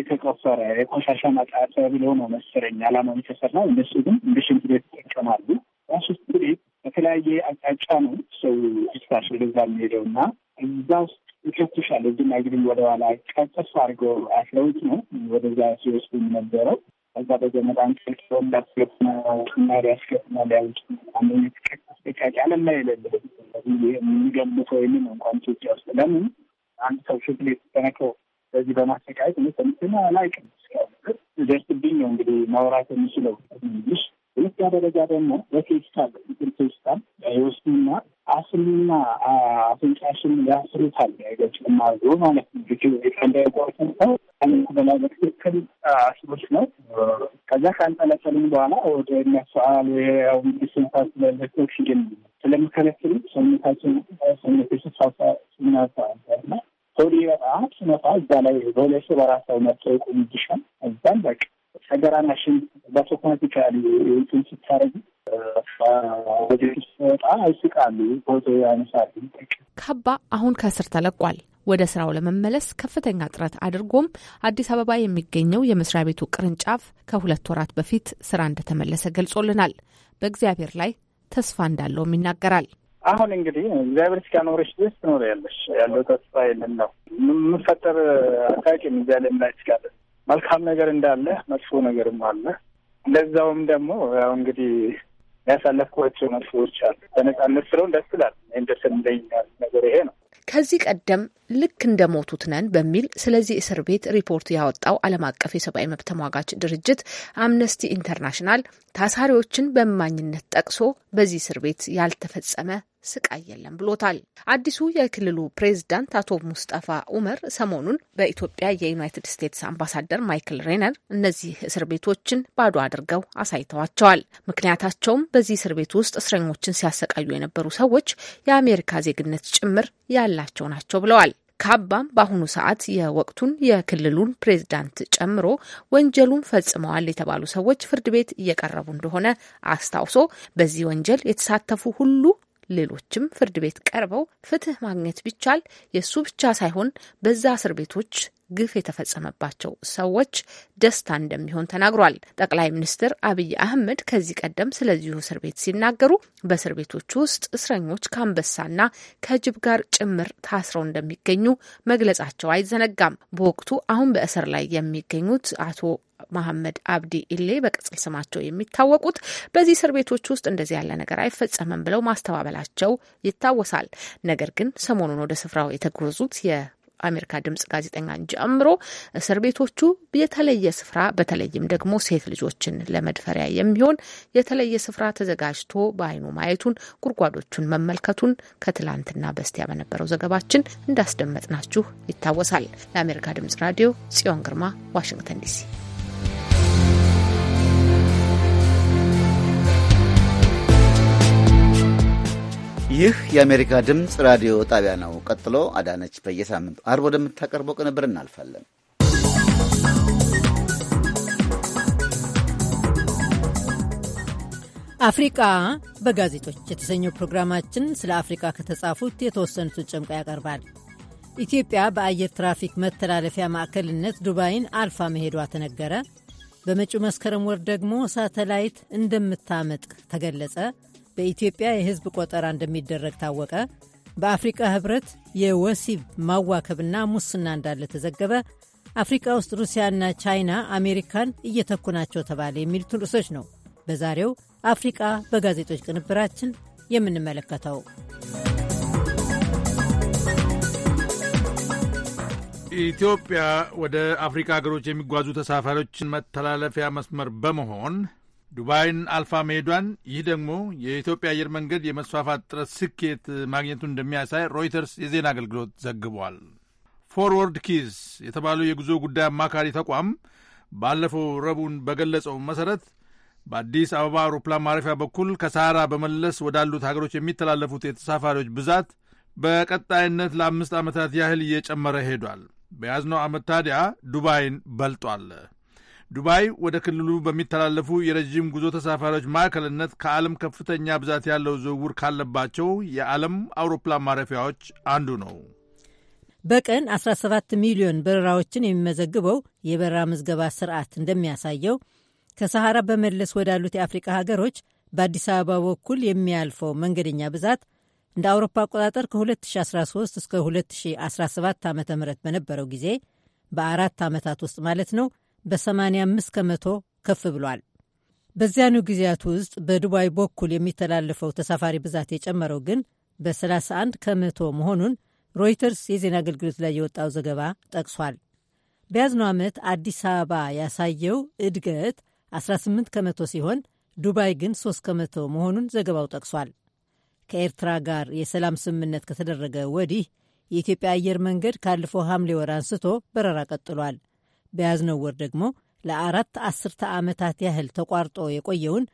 የተቆፈረ የቆሻሻ መጣጫ ብሎ ነው መሰለኝ አላማው የተሰራው። እነሱ ግን እንደ ሽንት ቤት ይጠቀማሉ። ራሱ እንግዲህ በተለያየ አቅጣጫ ነው ሰው ስታሽ ወደዛ የሚሄደው እና እዛ ውስጥ ይከቱሻል። እዚና እንግዲህ ወደኋላ ቀጠፍ አድርገ አስረውት ነው ወደዛ ሲወስዱ ነበረው። ከዛ በገመድ አንጠልጥለው እንዳስገጥመው እና ሊያስገጥመው ሊያውጭ አንደኛ ተጨቃቂ አለም ላይ የሌለ የሚገምተው ወይም እንኳን ኢትዮጵያ ውስጥ ለምን አንድ ሰው ሽንት ቤት ተነከው በዚህ በማሰቃየት እኔ ሰምቼ አላውቅም። ደርስብኝ ነው እንግዲህ ማውራት የሚችለው ሽ ሁለት ደረጃ ደግሞ በፌስታል ል ፌስታል የወስዱና አስሉና አፍንጫሽን ያስሩታል። ገጭማ ማለት ነው እንዳይቆርሰው በትክክል አስሎች ነው። ከዛ ካንጠለጠልን በኋላ ወደ የሚያስዋል ስንፋስ ለኢንፌክሽን ስለሚከለክሉ ሰውነታችን ሰውነት ሳሳ ስናሳል ሆዴ በጣም ስነፋ እዛ ላይ በሁለቱ በራሳው መጥቶ ይቁም ይሻል። እዛም በቃ ሰገራናሽን በሶኮነት ይችላል ትን ሲታረጉ ወደ አይስቃሉ፣ ፎቶ ያነሳሉ። ካባ አሁን ከእስር ተለቋል። ወደ ስራው ለመመለስ ከፍተኛ ጥረት አድርጎም አዲስ አበባ የሚገኘው የመስሪያ ቤቱ ቅርንጫፍ ከሁለት ወራት በፊት ስራ እንደተመለሰ ገልጾልናል። በእግዚአብሔር ላይ ተስፋ እንዳለውም ይናገራል። አሁን እንግዲህ እግዚአብሔር እስኪያኖረች ድረስ ትኖሪያለሽ ያለው ተስፋ የለን ነው። የምንፈጠር አታውቂም እዚያ ላይ ላይ እስካለ መልካም ነገር እንዳለ መጥፎ ነገርም አለ። ለዛውም ደግሞ ያው እንግዲህ ያሳለፍኳቸው መጥፎዎች አሉ። በነጻነት ስለውን ደስ ይላል። ደስ እንደኛል ነገር ይሄ ነው። ከዚህ ቀደም ልክ እንደ ሞቱት ነን በሚል ስለዚህ እስር ቤት ሪፖርት ያወጣው ዓለም አቀፍ የሰብአዊ መብት ተሟጋች ድርጅት አምነስቲ ኢንተርናሽናል ታሳሪዎችን በማኝነት ጠቅሶ በዚህ እስር ቤት ያልተፈጸመ ስቃይ የለም ብሎታል። አዲሱ የክልሉ ፕሬዝዳንት አቶ ሙስጠፋ ኡመር ሰሞኑን በኢትዮጵያ የዩናይትድ ስቴትስ አምባሳደር ማይክል ሬነር እነዚህ እስር ቤቶችን ባዶ አድርገው አሳይተዋቸዋል። ምክንያታቸውም በዚህ እስር ቤት ውስጥ እስረኞችን ሲያሰቃዩ የነበሩ ሰዎች የአሜሪካ ዜግነት ጭምር ያላቸው ናቸው ብለዋል። ካባም በአሁኑ ሰዓት የወቅቱን የክልሉን ፕሬዝዳንት ጨምሮ ወንጀሉን ፈጽመዋል የተባሉ ሰዎች ፍርድ ቤት እየቀረቡ እንደሆነ አስታውሶ በዚህ ወንጀል የተሳተፉ ሁሉ ሌሎችም ፍርድ ቤት ቀርበው ፍትህ ማግኘት ቢቻል የእሱ ብቻ ሳይሆን በዛ እስር ቤቶች ግፍ የተፈጸመባቸው ሰዎች ደስታ እንደሚሆን ተናግሯል። ጠቅላይ ሚኒስትር አብይ አህመድ ከዚህ ቀደም ስለዚሁ እስር ቤት ሲናገሩ በእስር ቤቶች ውስጥ እስረኞች ከአንበሳና ከጅብ ጋር ጭምር ታስረው እንደሚገኙ መግለጻቸው አይዘነጋም። በወቅቱ አሁን በእስር ላይ የሚገኙት አቶ መሐመድ አብዲ ኢሌ በቅጽል ስማቸው የሚታወቁት በዚህ እስር ቤቶች ውስጥ እንደዚህ ያለ ነገር አይፈጸምም ብለው ማስተባበላቸው ይታወሳል። ነገር ግን ሰሞኑን ወደ ስፍራው የተጓዙት አሜሪካ ድምጽ ጋዜጠኛን ጨምሮ እስር ቤቶቹ የተለየ ስፍራ በተለይም ደግሞ ሴት ልጆችን ለመድፈሪያ የሚሆን የተለየ ስፍራ ተዘጋጅቶ በአይኑ ማየቱን ጉድጓዶቹን መመልከቱን ከትላንትና በስቲያ በነበረው ዘገባችን እንዳስደመጥናችሁ ይታወሳል። ለአሜሪካ ድምጽ ራዲዮ ጽዮን ግርማ ዋሽንግተን ዲሲ ይህ የአሜሪካ ድምፅ ራዲዮ ጣቢያ ነው። ቀጥሎ አዳነች በየሳምንቱ አርብ ወደምታቀርበው ቅንብር እናልፋለን። አፍሪቃ በጋዜጦች የተሰኘው ፕሮግራማችን ስለ አፍሪቃ ከተጻፉት የተወሰኑትን ጨምቆ ያቀርባል። ኢትዮጵያ በአየር ትራፊክ መተላለፊያ ማዕከልነት ዱባይን አልፋ መሄዷ ተነገረ። በመጪው መስከረም ወር ደግሞ ሳተላይት እንደምታመጥ ተገለጸ። በኢትዮጵያ የህዝብ ቆጠራ እንደሚደረግ ታወቀ፣ በአፍሪቃ ህብረት የወሲብ ማዋከብና ሙስና እንዳለ ተዘገበ፣ አፍሪቃ ውስጥ ሩሲያና ቻይና አሜሪካን እየተኩ ናቸው ተባለ የሚሉትን ርዕሶች ነው በዛሬው አፍሪቃ በጋዜጦች ቅንብራችን የምንመለከተው። ኢትዮጵያ ወደ አፍሪካ ሀገሮች የሚጓዙ ተሳፋሪዎችን መተላለፊያ መስመር በመሆን ዱባይን አልፋ መሄዷን ይህ ደግሞ የኢትዮጵያ አየር መንገድ የመስፋፋት ጥረት ስኬት ማግኘቱን እንደሚያሳይ ሮይተርስ የዜና አገልግሎት ዘግቧል። ፎርወርድ ኪስ የተባለው የጉዞ ጉዳይ አማካሪ ተቋም ባለፈው ረቡን በገለጸው መሠረት በአዲስ አበባ አውሮፕላን ማረፊያ በኩል ከሰሃራ በመለስ ወዳሉት ሀገሮች የሚተላለፉት የተሳፋሪዎች ብዛት በቀጣይነት ለአምስት ዓመታት ያህል እየጨመረ ሄዷል። በያዝነው ዓመት ታዲያ ዱባይን በልጧል። ዱባይ ወደ ክልሉ በሚተላለፉ የረዥም ጉዞ ተሳፋሪዎች ማዕከልነት ከዓለም ከፍተኛ ብዛት ያለው ዝውውር ካለባቸው የዓለም አውሮፕላን ማረፊያዎች አንዱ ነው። በቀን 17 ሚሊዮን በረራዎችን የሚመዘግበው የበረራ ምዝገባ ስርዓት እንደሚያሳየው ከሰሐራ በመለስ ወዳሉት የአፍሪቃ ሀገሮች በአዲስ አበባ በኩል የሚያልፈው መንገደኛ ብዛት እንደ አውሮፓ አቆጣጠር ከ2013 እስከ 2017 ዓ ም በነበረው ጊዜ በአራት ዓመታት ውስጥ ማለት ነው በ85 ከመቶ ከፍ ብሏል። በዚያኑ ጊዜያት ውስጥ በዱባይ በኩል የሚተላለፈው ተሳፋሪ ብዛት የጨመረው ግን በ31 ከመቶ መሆኑን ሮይተርስ የዜና አገልግሎት ላይ የወጣው ዘገባ ጠቅሷል። በያዝነው ዓመት አዲስ አበባ ያሳየው እድገት 18 ከመቶ ሲሆን ዱባይ ግን 3 ከመቶ መሆኑን ዘገባው ጠቅሷል። ከኤርትራ ጋር የሰላም ስምምነት ከተደረገ ወዲህ የኢትዮጵያ አየር መንገድ ካለፈው ሐምሌ ወር አንስቶ በረራ ቀጥሏል። በያዝነው ወር ደግሞ ለአራት አስርተ ዓመታት ያህል ተቋርጦ የቆየውን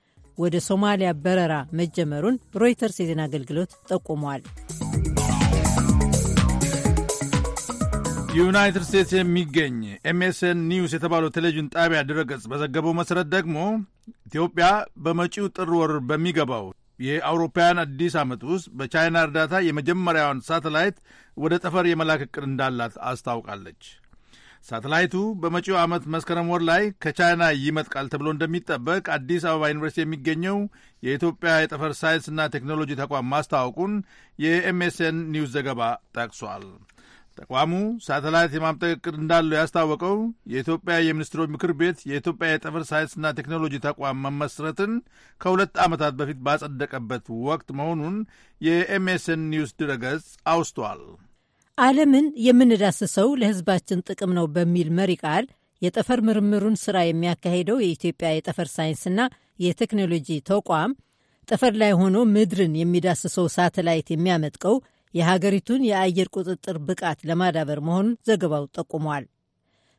ወደ ሶማሊያ በረራ መጀመሩን ሮይተርስ የዜና አገልግሎት ጠቁመዋል። ዩናይትድ ስቴትስ የሚገኝ ኤምኤስኤን ኒውስ የተባለው ቴሌቪዥን ጣቢያ ድረገጽ በዘገበው መሠረት ደግሞ ኢትዮጵያ በመጪው ጥር ወር በሚገባው የአውሮፓውያን አዲስ ዓመት ውስጥ በቻይና እርዳታ የመጀመሪያውን ሳተላይት ወደ ጠፈር የመላክ እንዳላት አስታውቃለች። ሳተላይቱ በመጪው ዓመት መስከረም ወር ላይ ከቻይና ይመጥቃል ተብሎ እንደሚጠበቅ አዲስ አበባ ዩኒቨርሲቲ የሚገኘው የኢትዮጵያ የጠፈር ሳይንስና ቴክኖሎጂ ተቋም ማስታወቁን የኤምኤስኤን ኒውስ ዘገባ ጠቅሷል። ተቋሙ ሳተላይት የማምጠቅ እቅድ እንዳለው ያስታወቀው የኢትዮጵያ የሚኒስትሮች ምክር ቤት የኢትዮጵያ የጠፈር ሳይንስና ቴክኖሎጂ ተቋም መመስረትን ከሁለት ዓመታት በፊት ባጸደቀበት ወቅት መሆኑን የኤምኤስኤን ኒውስ ድረገጽ አውስቷል። ዓለምን የምንዳስሰው ለሕዝባችን ጥቅም ነው በሚል መሪ ቃል የጠፈር ምርምሩን ስራ የሚያካሂደው የኢትዮጵያ የጠፈር ሳይንስና የቴክኖሎጂ ተቋም ጠፈር ላይ ሆኖ ምድርን የሚዳስሰው ሳተላይት የሚያመጥቀው የሀገሪቱን የአየር ቁጥጥር ብቃት ለማዳበር መሆኑን ዘገባው ጠቁሟል።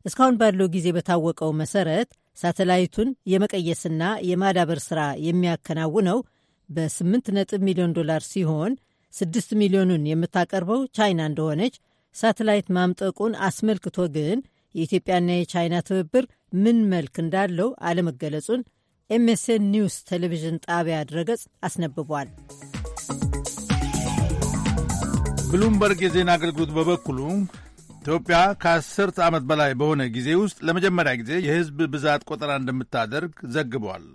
እስካሁን ባለው ጊዜ በታወቀው መሰረት ሳተላይቱን የመቀየስና የማዳበር ስራ የሚያከናውነው በ8 ነጥብ ሚሊዮን ዶላር ሲሆን ስድስት ሚሊዮኑን የምታቀርበው ቻይና እንደሆነች ሳተላይት ማምጠቁን አስመልክቶ ግን የኢትዮጵያና የቻይና ትብብር ምን መልክ እንዳለው አለመገለጹን ኤምኤስኤን ኒውስ ቴሌቪዥን ጣቢያ ድረገጽ አስነብቧል። ብሉምበርግ የዜና አገልግሎት በበኩሉ ኢትዮጵያ ከአስርት ዓመት በላይ በሆነ ጊዜ ውስጥ ለመጀመሪያ ጊዜ የሕዝብ ብዛት ቆጠራ እንደምታደርግ ዘግቧል።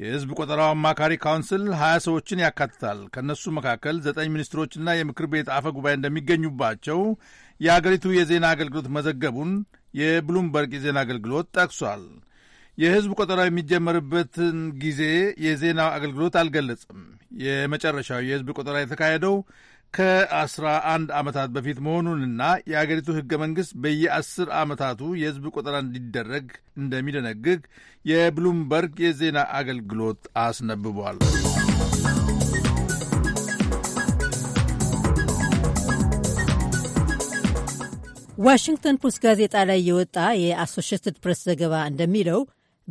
የህዝብ ቆጠራው አማካሪ ካውንስል ሀያ ሰዎችን ያካትታል። ከእነሱ መካከል ዘጠኝ ሚኒስትሮችና የምክር ቤት አፈ ጉባኤ እንደሚገኙባቸው የአገሪቱ የዜና አገልግሎት መዘገቡን የብሉምበርግ የዜና አገልግሎት ጠቅሷል። የህዝብ ቆጠራው የሚጀመርበትን ጊዜ የዜና አገልግሎት አልገለጽም። የመጨረሻው የህዝብ ቆጠራ የተካሄደው ከ11 ዓመታት በፊት መሆኑንና የአገሪቱ ሕገ መንግሥት በየአስር ዓመታቱ የሕዝብ ቆጠራ እንዲደረግ እንደሚደነግግ የብሉምበርግ የዜና አገልግሎት አስነብቧል። ዋሽንግተን ፖስት ጋዜጣ ላይ የወጣ የአሶሽትድ ፕሬስ ዘገባ እንደሚለው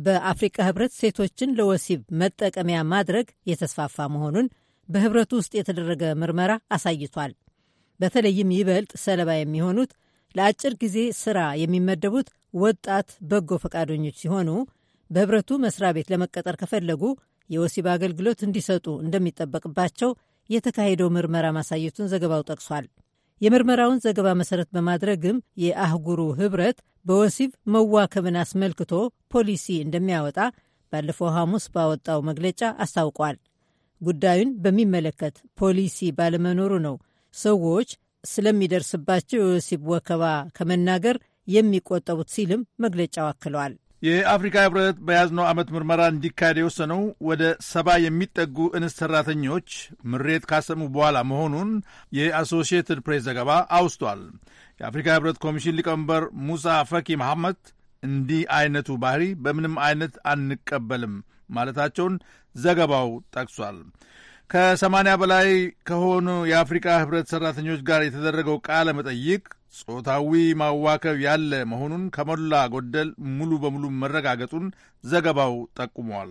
በአፍሪቃ ህብረት ሴቶችን ለወሲብ መጠቀሚያ ማድረግ የተስፋፋ መሆኑን በህብረቱ ውስጥ የተደረገ ምርመራ አሳይቷል። በተለይም ይበልጥ ሰለባ የሚሆኑት ለአጭር ጊዜ ስራ የሚመደቡት ወጣት በጎ ፈቃደኞች ሲሆኑ በህብረቱ መስሪያ ቤት ለመቀጠር ከፈለጉ የወሲብ አገልግሎት እንዲሰጡ እንደሚጠበቅባቸው የተካሄደው ምርመራ ማሳየቱን ዘገባው ጠቅሷል። የምርመራውን ዘገባ መሰረት በማድረግም የአህጉሩ ህብረት በወሲብ መዋከብን አስመልክቶ ፖሊሲ እንደሚያወጣ ባለፈው ሐሙስ ባወጣው መግለጫ አስታውቋል። ጉዳዩን በሚመለከት ፖሊሲ ባለመኖሩ ነው ሰዎች ስለሚደርስባቸው የወሲብ ወከባ ከመናገር የሚቆጠቡት ሲልም መግለጫው አክለዋል። የአፍሪካ ህብረት በያዝነው ዓመት ምርመራ እንዲካሄድ የወሰነው ወደ ሰባ የሚጠጉ እንስት ሠራተኞች ምሬት ካሰሙ በኋላ መሆኑን የአሶሺየትድ ፕሬስ ዘገባ አውስቷል። የአፍሪካ ህብረት ኮሚሽን ሊቀመንበር ሙሳ ፈኪ መሐመድ እንዲህ አይነቱ ባህሪ በምንም አይነት አንቀበልም ማለታቸውን ዘገባው ጠቅሷል። ከሰማንያ በላይ ከሆኑ የአፍሪካ ህብረት ሠራተኞች ጋር የተደረገው ቃለ መጠይቅ ጾታዊ ማዋከብ ያለ መሆኑን ከሞላ ጎደል ሙሉ በሙሉ መረጋገጡን ዘገባው ጠቁሟል።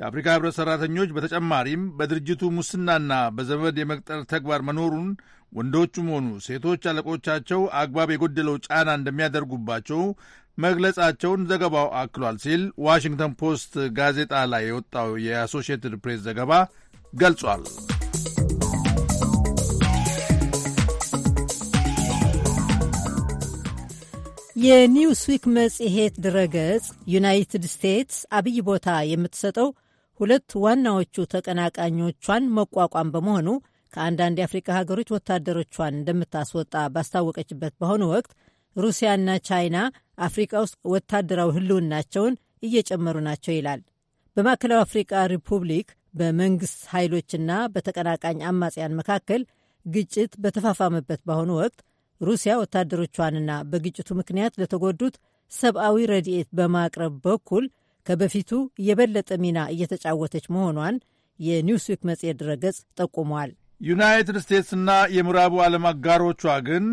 የአፍሪካ ህብረት ሠራተኞች በተጨማሪም በድርጅቱ ሙስናና በዘመድ የመቅጠር ተግባር መኖሩን ወንዶቹም ሆኑ ሴቶች አለቆቻቸው አግባብ የጎደለው ጫና እንደሚያደርጉባቸው መግለጻቸውን ዘገባው አክሏል ሲል ዋሽንግተን ፖስት ጋዜጣ ላይ የወጣው የአሶሺየትድ ፕሬስ ዘገባ ገልጿል። የኒውስዊክ መጽሔት ድረገጽ ዩናይትድ ስቴትስ አብይ ቦታ የምትሰጠው ሁለት ዋናዎቹ ተቀናቃኞቿን መቋቋም በመሆኑ ከአንዳንድ የአፍሪካ ሀገሮች ወታደሮቿን እንደምታስወጣ ባስታወቀችበት በአሁኑ ወቅት ሩሲያና ቻይና አፍሪቃ ውስጥ ወታደራዊ ህልውናቸውን እየጨመሩ ናቸው ይላል። በማዕከላዊ አፍሪቃ ሪፑብሊክ በመንግስት ኃይሎችና በተቀናቃኝ አማጽያን መካከል ግጭት በተፋፋመበት በአሁኑ ወቅት ሩሲያ ወታደሮቿንና በግጭቱ ምክንያት ለተጎዱት ሰብአዊ ረድኤት በማቅረብ በኩል ከበፊቱ የበለጠ ሚና እየተጫወተች መሆኗን የኒውስዊክ መጽሔት ድረገጽ ጠቁሟል። ዩናይትድ ስቴትስና የምዕራቡ ዓለም አጋሮቿ ግን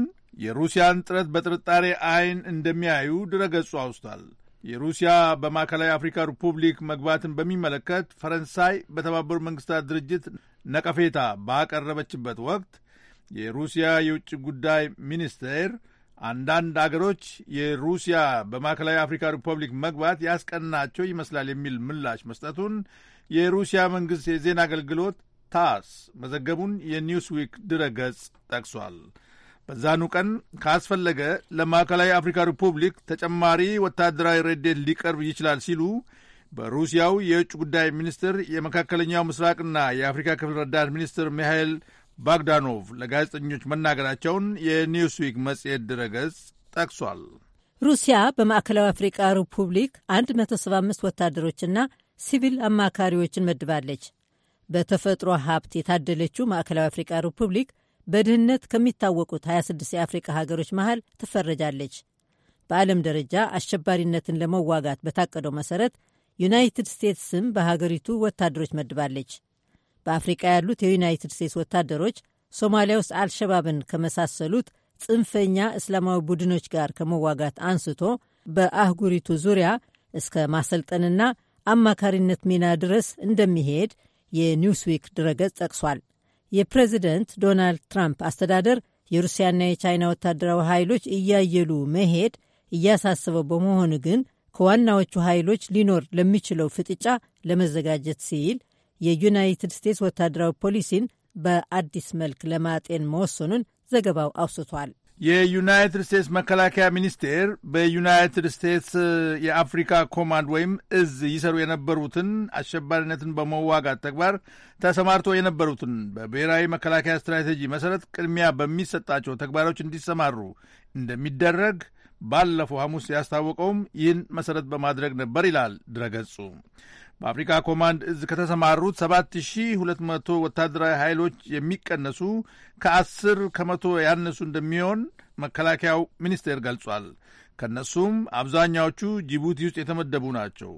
የሩሲያን ጥረት በጥርጣሬ አይን እንደሚያዩ ድረገጹ አውስቷል። የሩሲያ በማዕከላዊ አፍሪካ ሪፑብሊክ መግባትን በሚመለከት ፈረንሳይ በተባበሩት መንግስታት ድርጅት ነቀፌታ ባቀረበችበት ወቅት የሩሲያ የውጭ ጉዳይ ሚኒስቴር አንዳንድ አገሮች የሩሲያ በማዕከላዊ አፍሪካ ሪፐብሊክ መግባት ያስቀናቸው ይመስላል የሚል ምላሽ መስጠቱን የሩሲያ መንግሥት የዜና አገልግሎት ታስ መዘገቡን የኒውስዊክ ድረ ገጽ ጠቅሷል። በዛኑ ቀን ካስፈለገ ለማዕከላዊ አፍሪካ ሪፑብሊክ ተጨማሪ ወታደራዊ ረዴት ሊቀርብ ይችላል ሲሉ በሩሲያው የውጭ ጉዳይ ሚኒስትር የመካከለኛው ምስራቅና የአፍሪካ ክፍል ረዳት ሚኒስትር ሚሃይል ባግዳኖቭ ለጋዜጠኞች መናገራቸውን የኒውስዊክ መጽሔት ድረገጽ ጠቅሷል። ሩሲያ በማዕከላዊ አፍሪካ ሪፑብሊክ 175 ወታደሮችና ሲቪል አማካሪዎችን መድባለች። በተፈጥሮ ሀብት የታደለችው ማዕከላዊ አፍሪካ ሪፑብሊክ በድህነት ከሚታወቁት 26 የአፍሪቃ ሀገሮች መሃል ትፈረጃለች። በዓለም ደረጃ አሸባሪነትን ለመዋጋት በታቀደው መሰረት ዩናይትድ ስቴትስም በሀገሪቱ ወታደሮች መድባለች። በአፍሪቃ ያሉት የዩናይትድ ስቴትስ ወታደሮች ሶማሊያ ውስጥ አልሸባብን ከመሳሰሉት ጽንፈኛ እስላማዊ ቡድኖች ጋር ከመዋጋት አንስቶ በአህጉሪቱ ዙሪያ እስከ ማሰልጠንና አማካሪነት ሚና ድረስ እንደሚሄድ የኒውስዊክ ድረገጽ ጠቅሷል። የፕሬዚደንት ዶናልድ ትራምፕ አስተዳደር የሩሲያና የቻይና ወታደራዊ ኃይሎች እያየሉ መሄድ እያሳሰበው በመሆኑ ግን ከዋናዎቹ ኃይሎች ሊኖር ለሚችለው ፍጥጫ ለመዘጋጀት ሲል የዩናይትድ ስቴትስ ወታደራዊ ፖሊሲን በአዲስ መልክ ለማጤን መወሰኑን ዘገባው አውስቷል። የዩናይትድ ስቴትስ መከላከያ ሚኒስቴር በዩናይትድ ስቴትስ የአፍሪካ ኮማንድ ወይም እዝ ይሰሩ የነበሩትን አሸባሪነትን በመዋጋት ተግባር ተሰማርቶ የነበሩትን በብሔራዊ መከላከያ ስትራቴጂ መሰረት ቅድሚያ በሚሰጣቸው ተግባሮች እንዲሰማሩ እንደሚደረግ ባለፈው ሐሙስ ያስታወቀውም ይህን መሰረት በማድረግ ነበር ይላል ድረገጹ። በአፍሪካ ኮማንድ እዝ ከተሰማሩት 7200 ወታደራዊ ኃይሎች የሚቀነሱ ከ10 ከመቶ ያነሱ እንደሚሆን መከላከያው ሚኒስቴር ገልጿል። ከእነሱም አብዛኛዎቹ ጅቡቲ ውስጥ የተመደቡ ናቸው።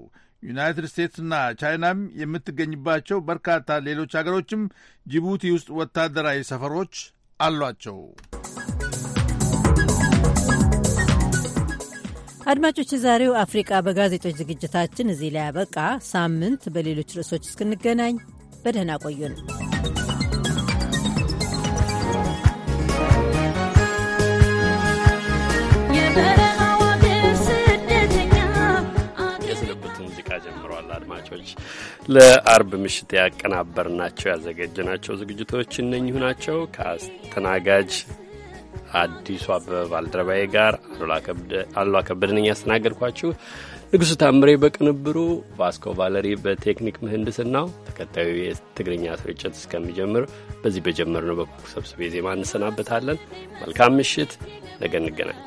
ዩናይትድ ስቴትስና ቻይናም የምትገኝባቸው በርካታ ሌሎች አገሮችም ጅቡቲ ውስጥ ወታደራዊ ሰፈሮች አሏቸው። አድማጮች፣ የዛሬው አፍሪቃ በጋዜጦች ዝግጅታችን እዚህ ላይ ያበቃ። ሳምንት በሌሎች ርዕሶች እስክንገናኝ በደህና ቆዩን። አድማጮች ለአርብ ምሽት ያቀናበር ናቸው ያዘጋጀናቸው ዝግጅቶች እነኚሁ ናቸው። ከአስተናጋጅ አዲሱ አበበ ባልደረባዬ ጋር አሉላ ከበደ እያስተናገድኳችሁ ንጉሥ ታምሬ በቅንብሩ፣ ቫስኮ ቫለሪ በቴክኒክ ምህንድስናው። ተከታዩ የትግርኛ ስርጭት እስከሚጀምር በዚህ በጀመርነው በኩል ሰብስቤ ዜማ እንሰናበታለን። መልካም ምሽት፣ ነገ እንገናኝ።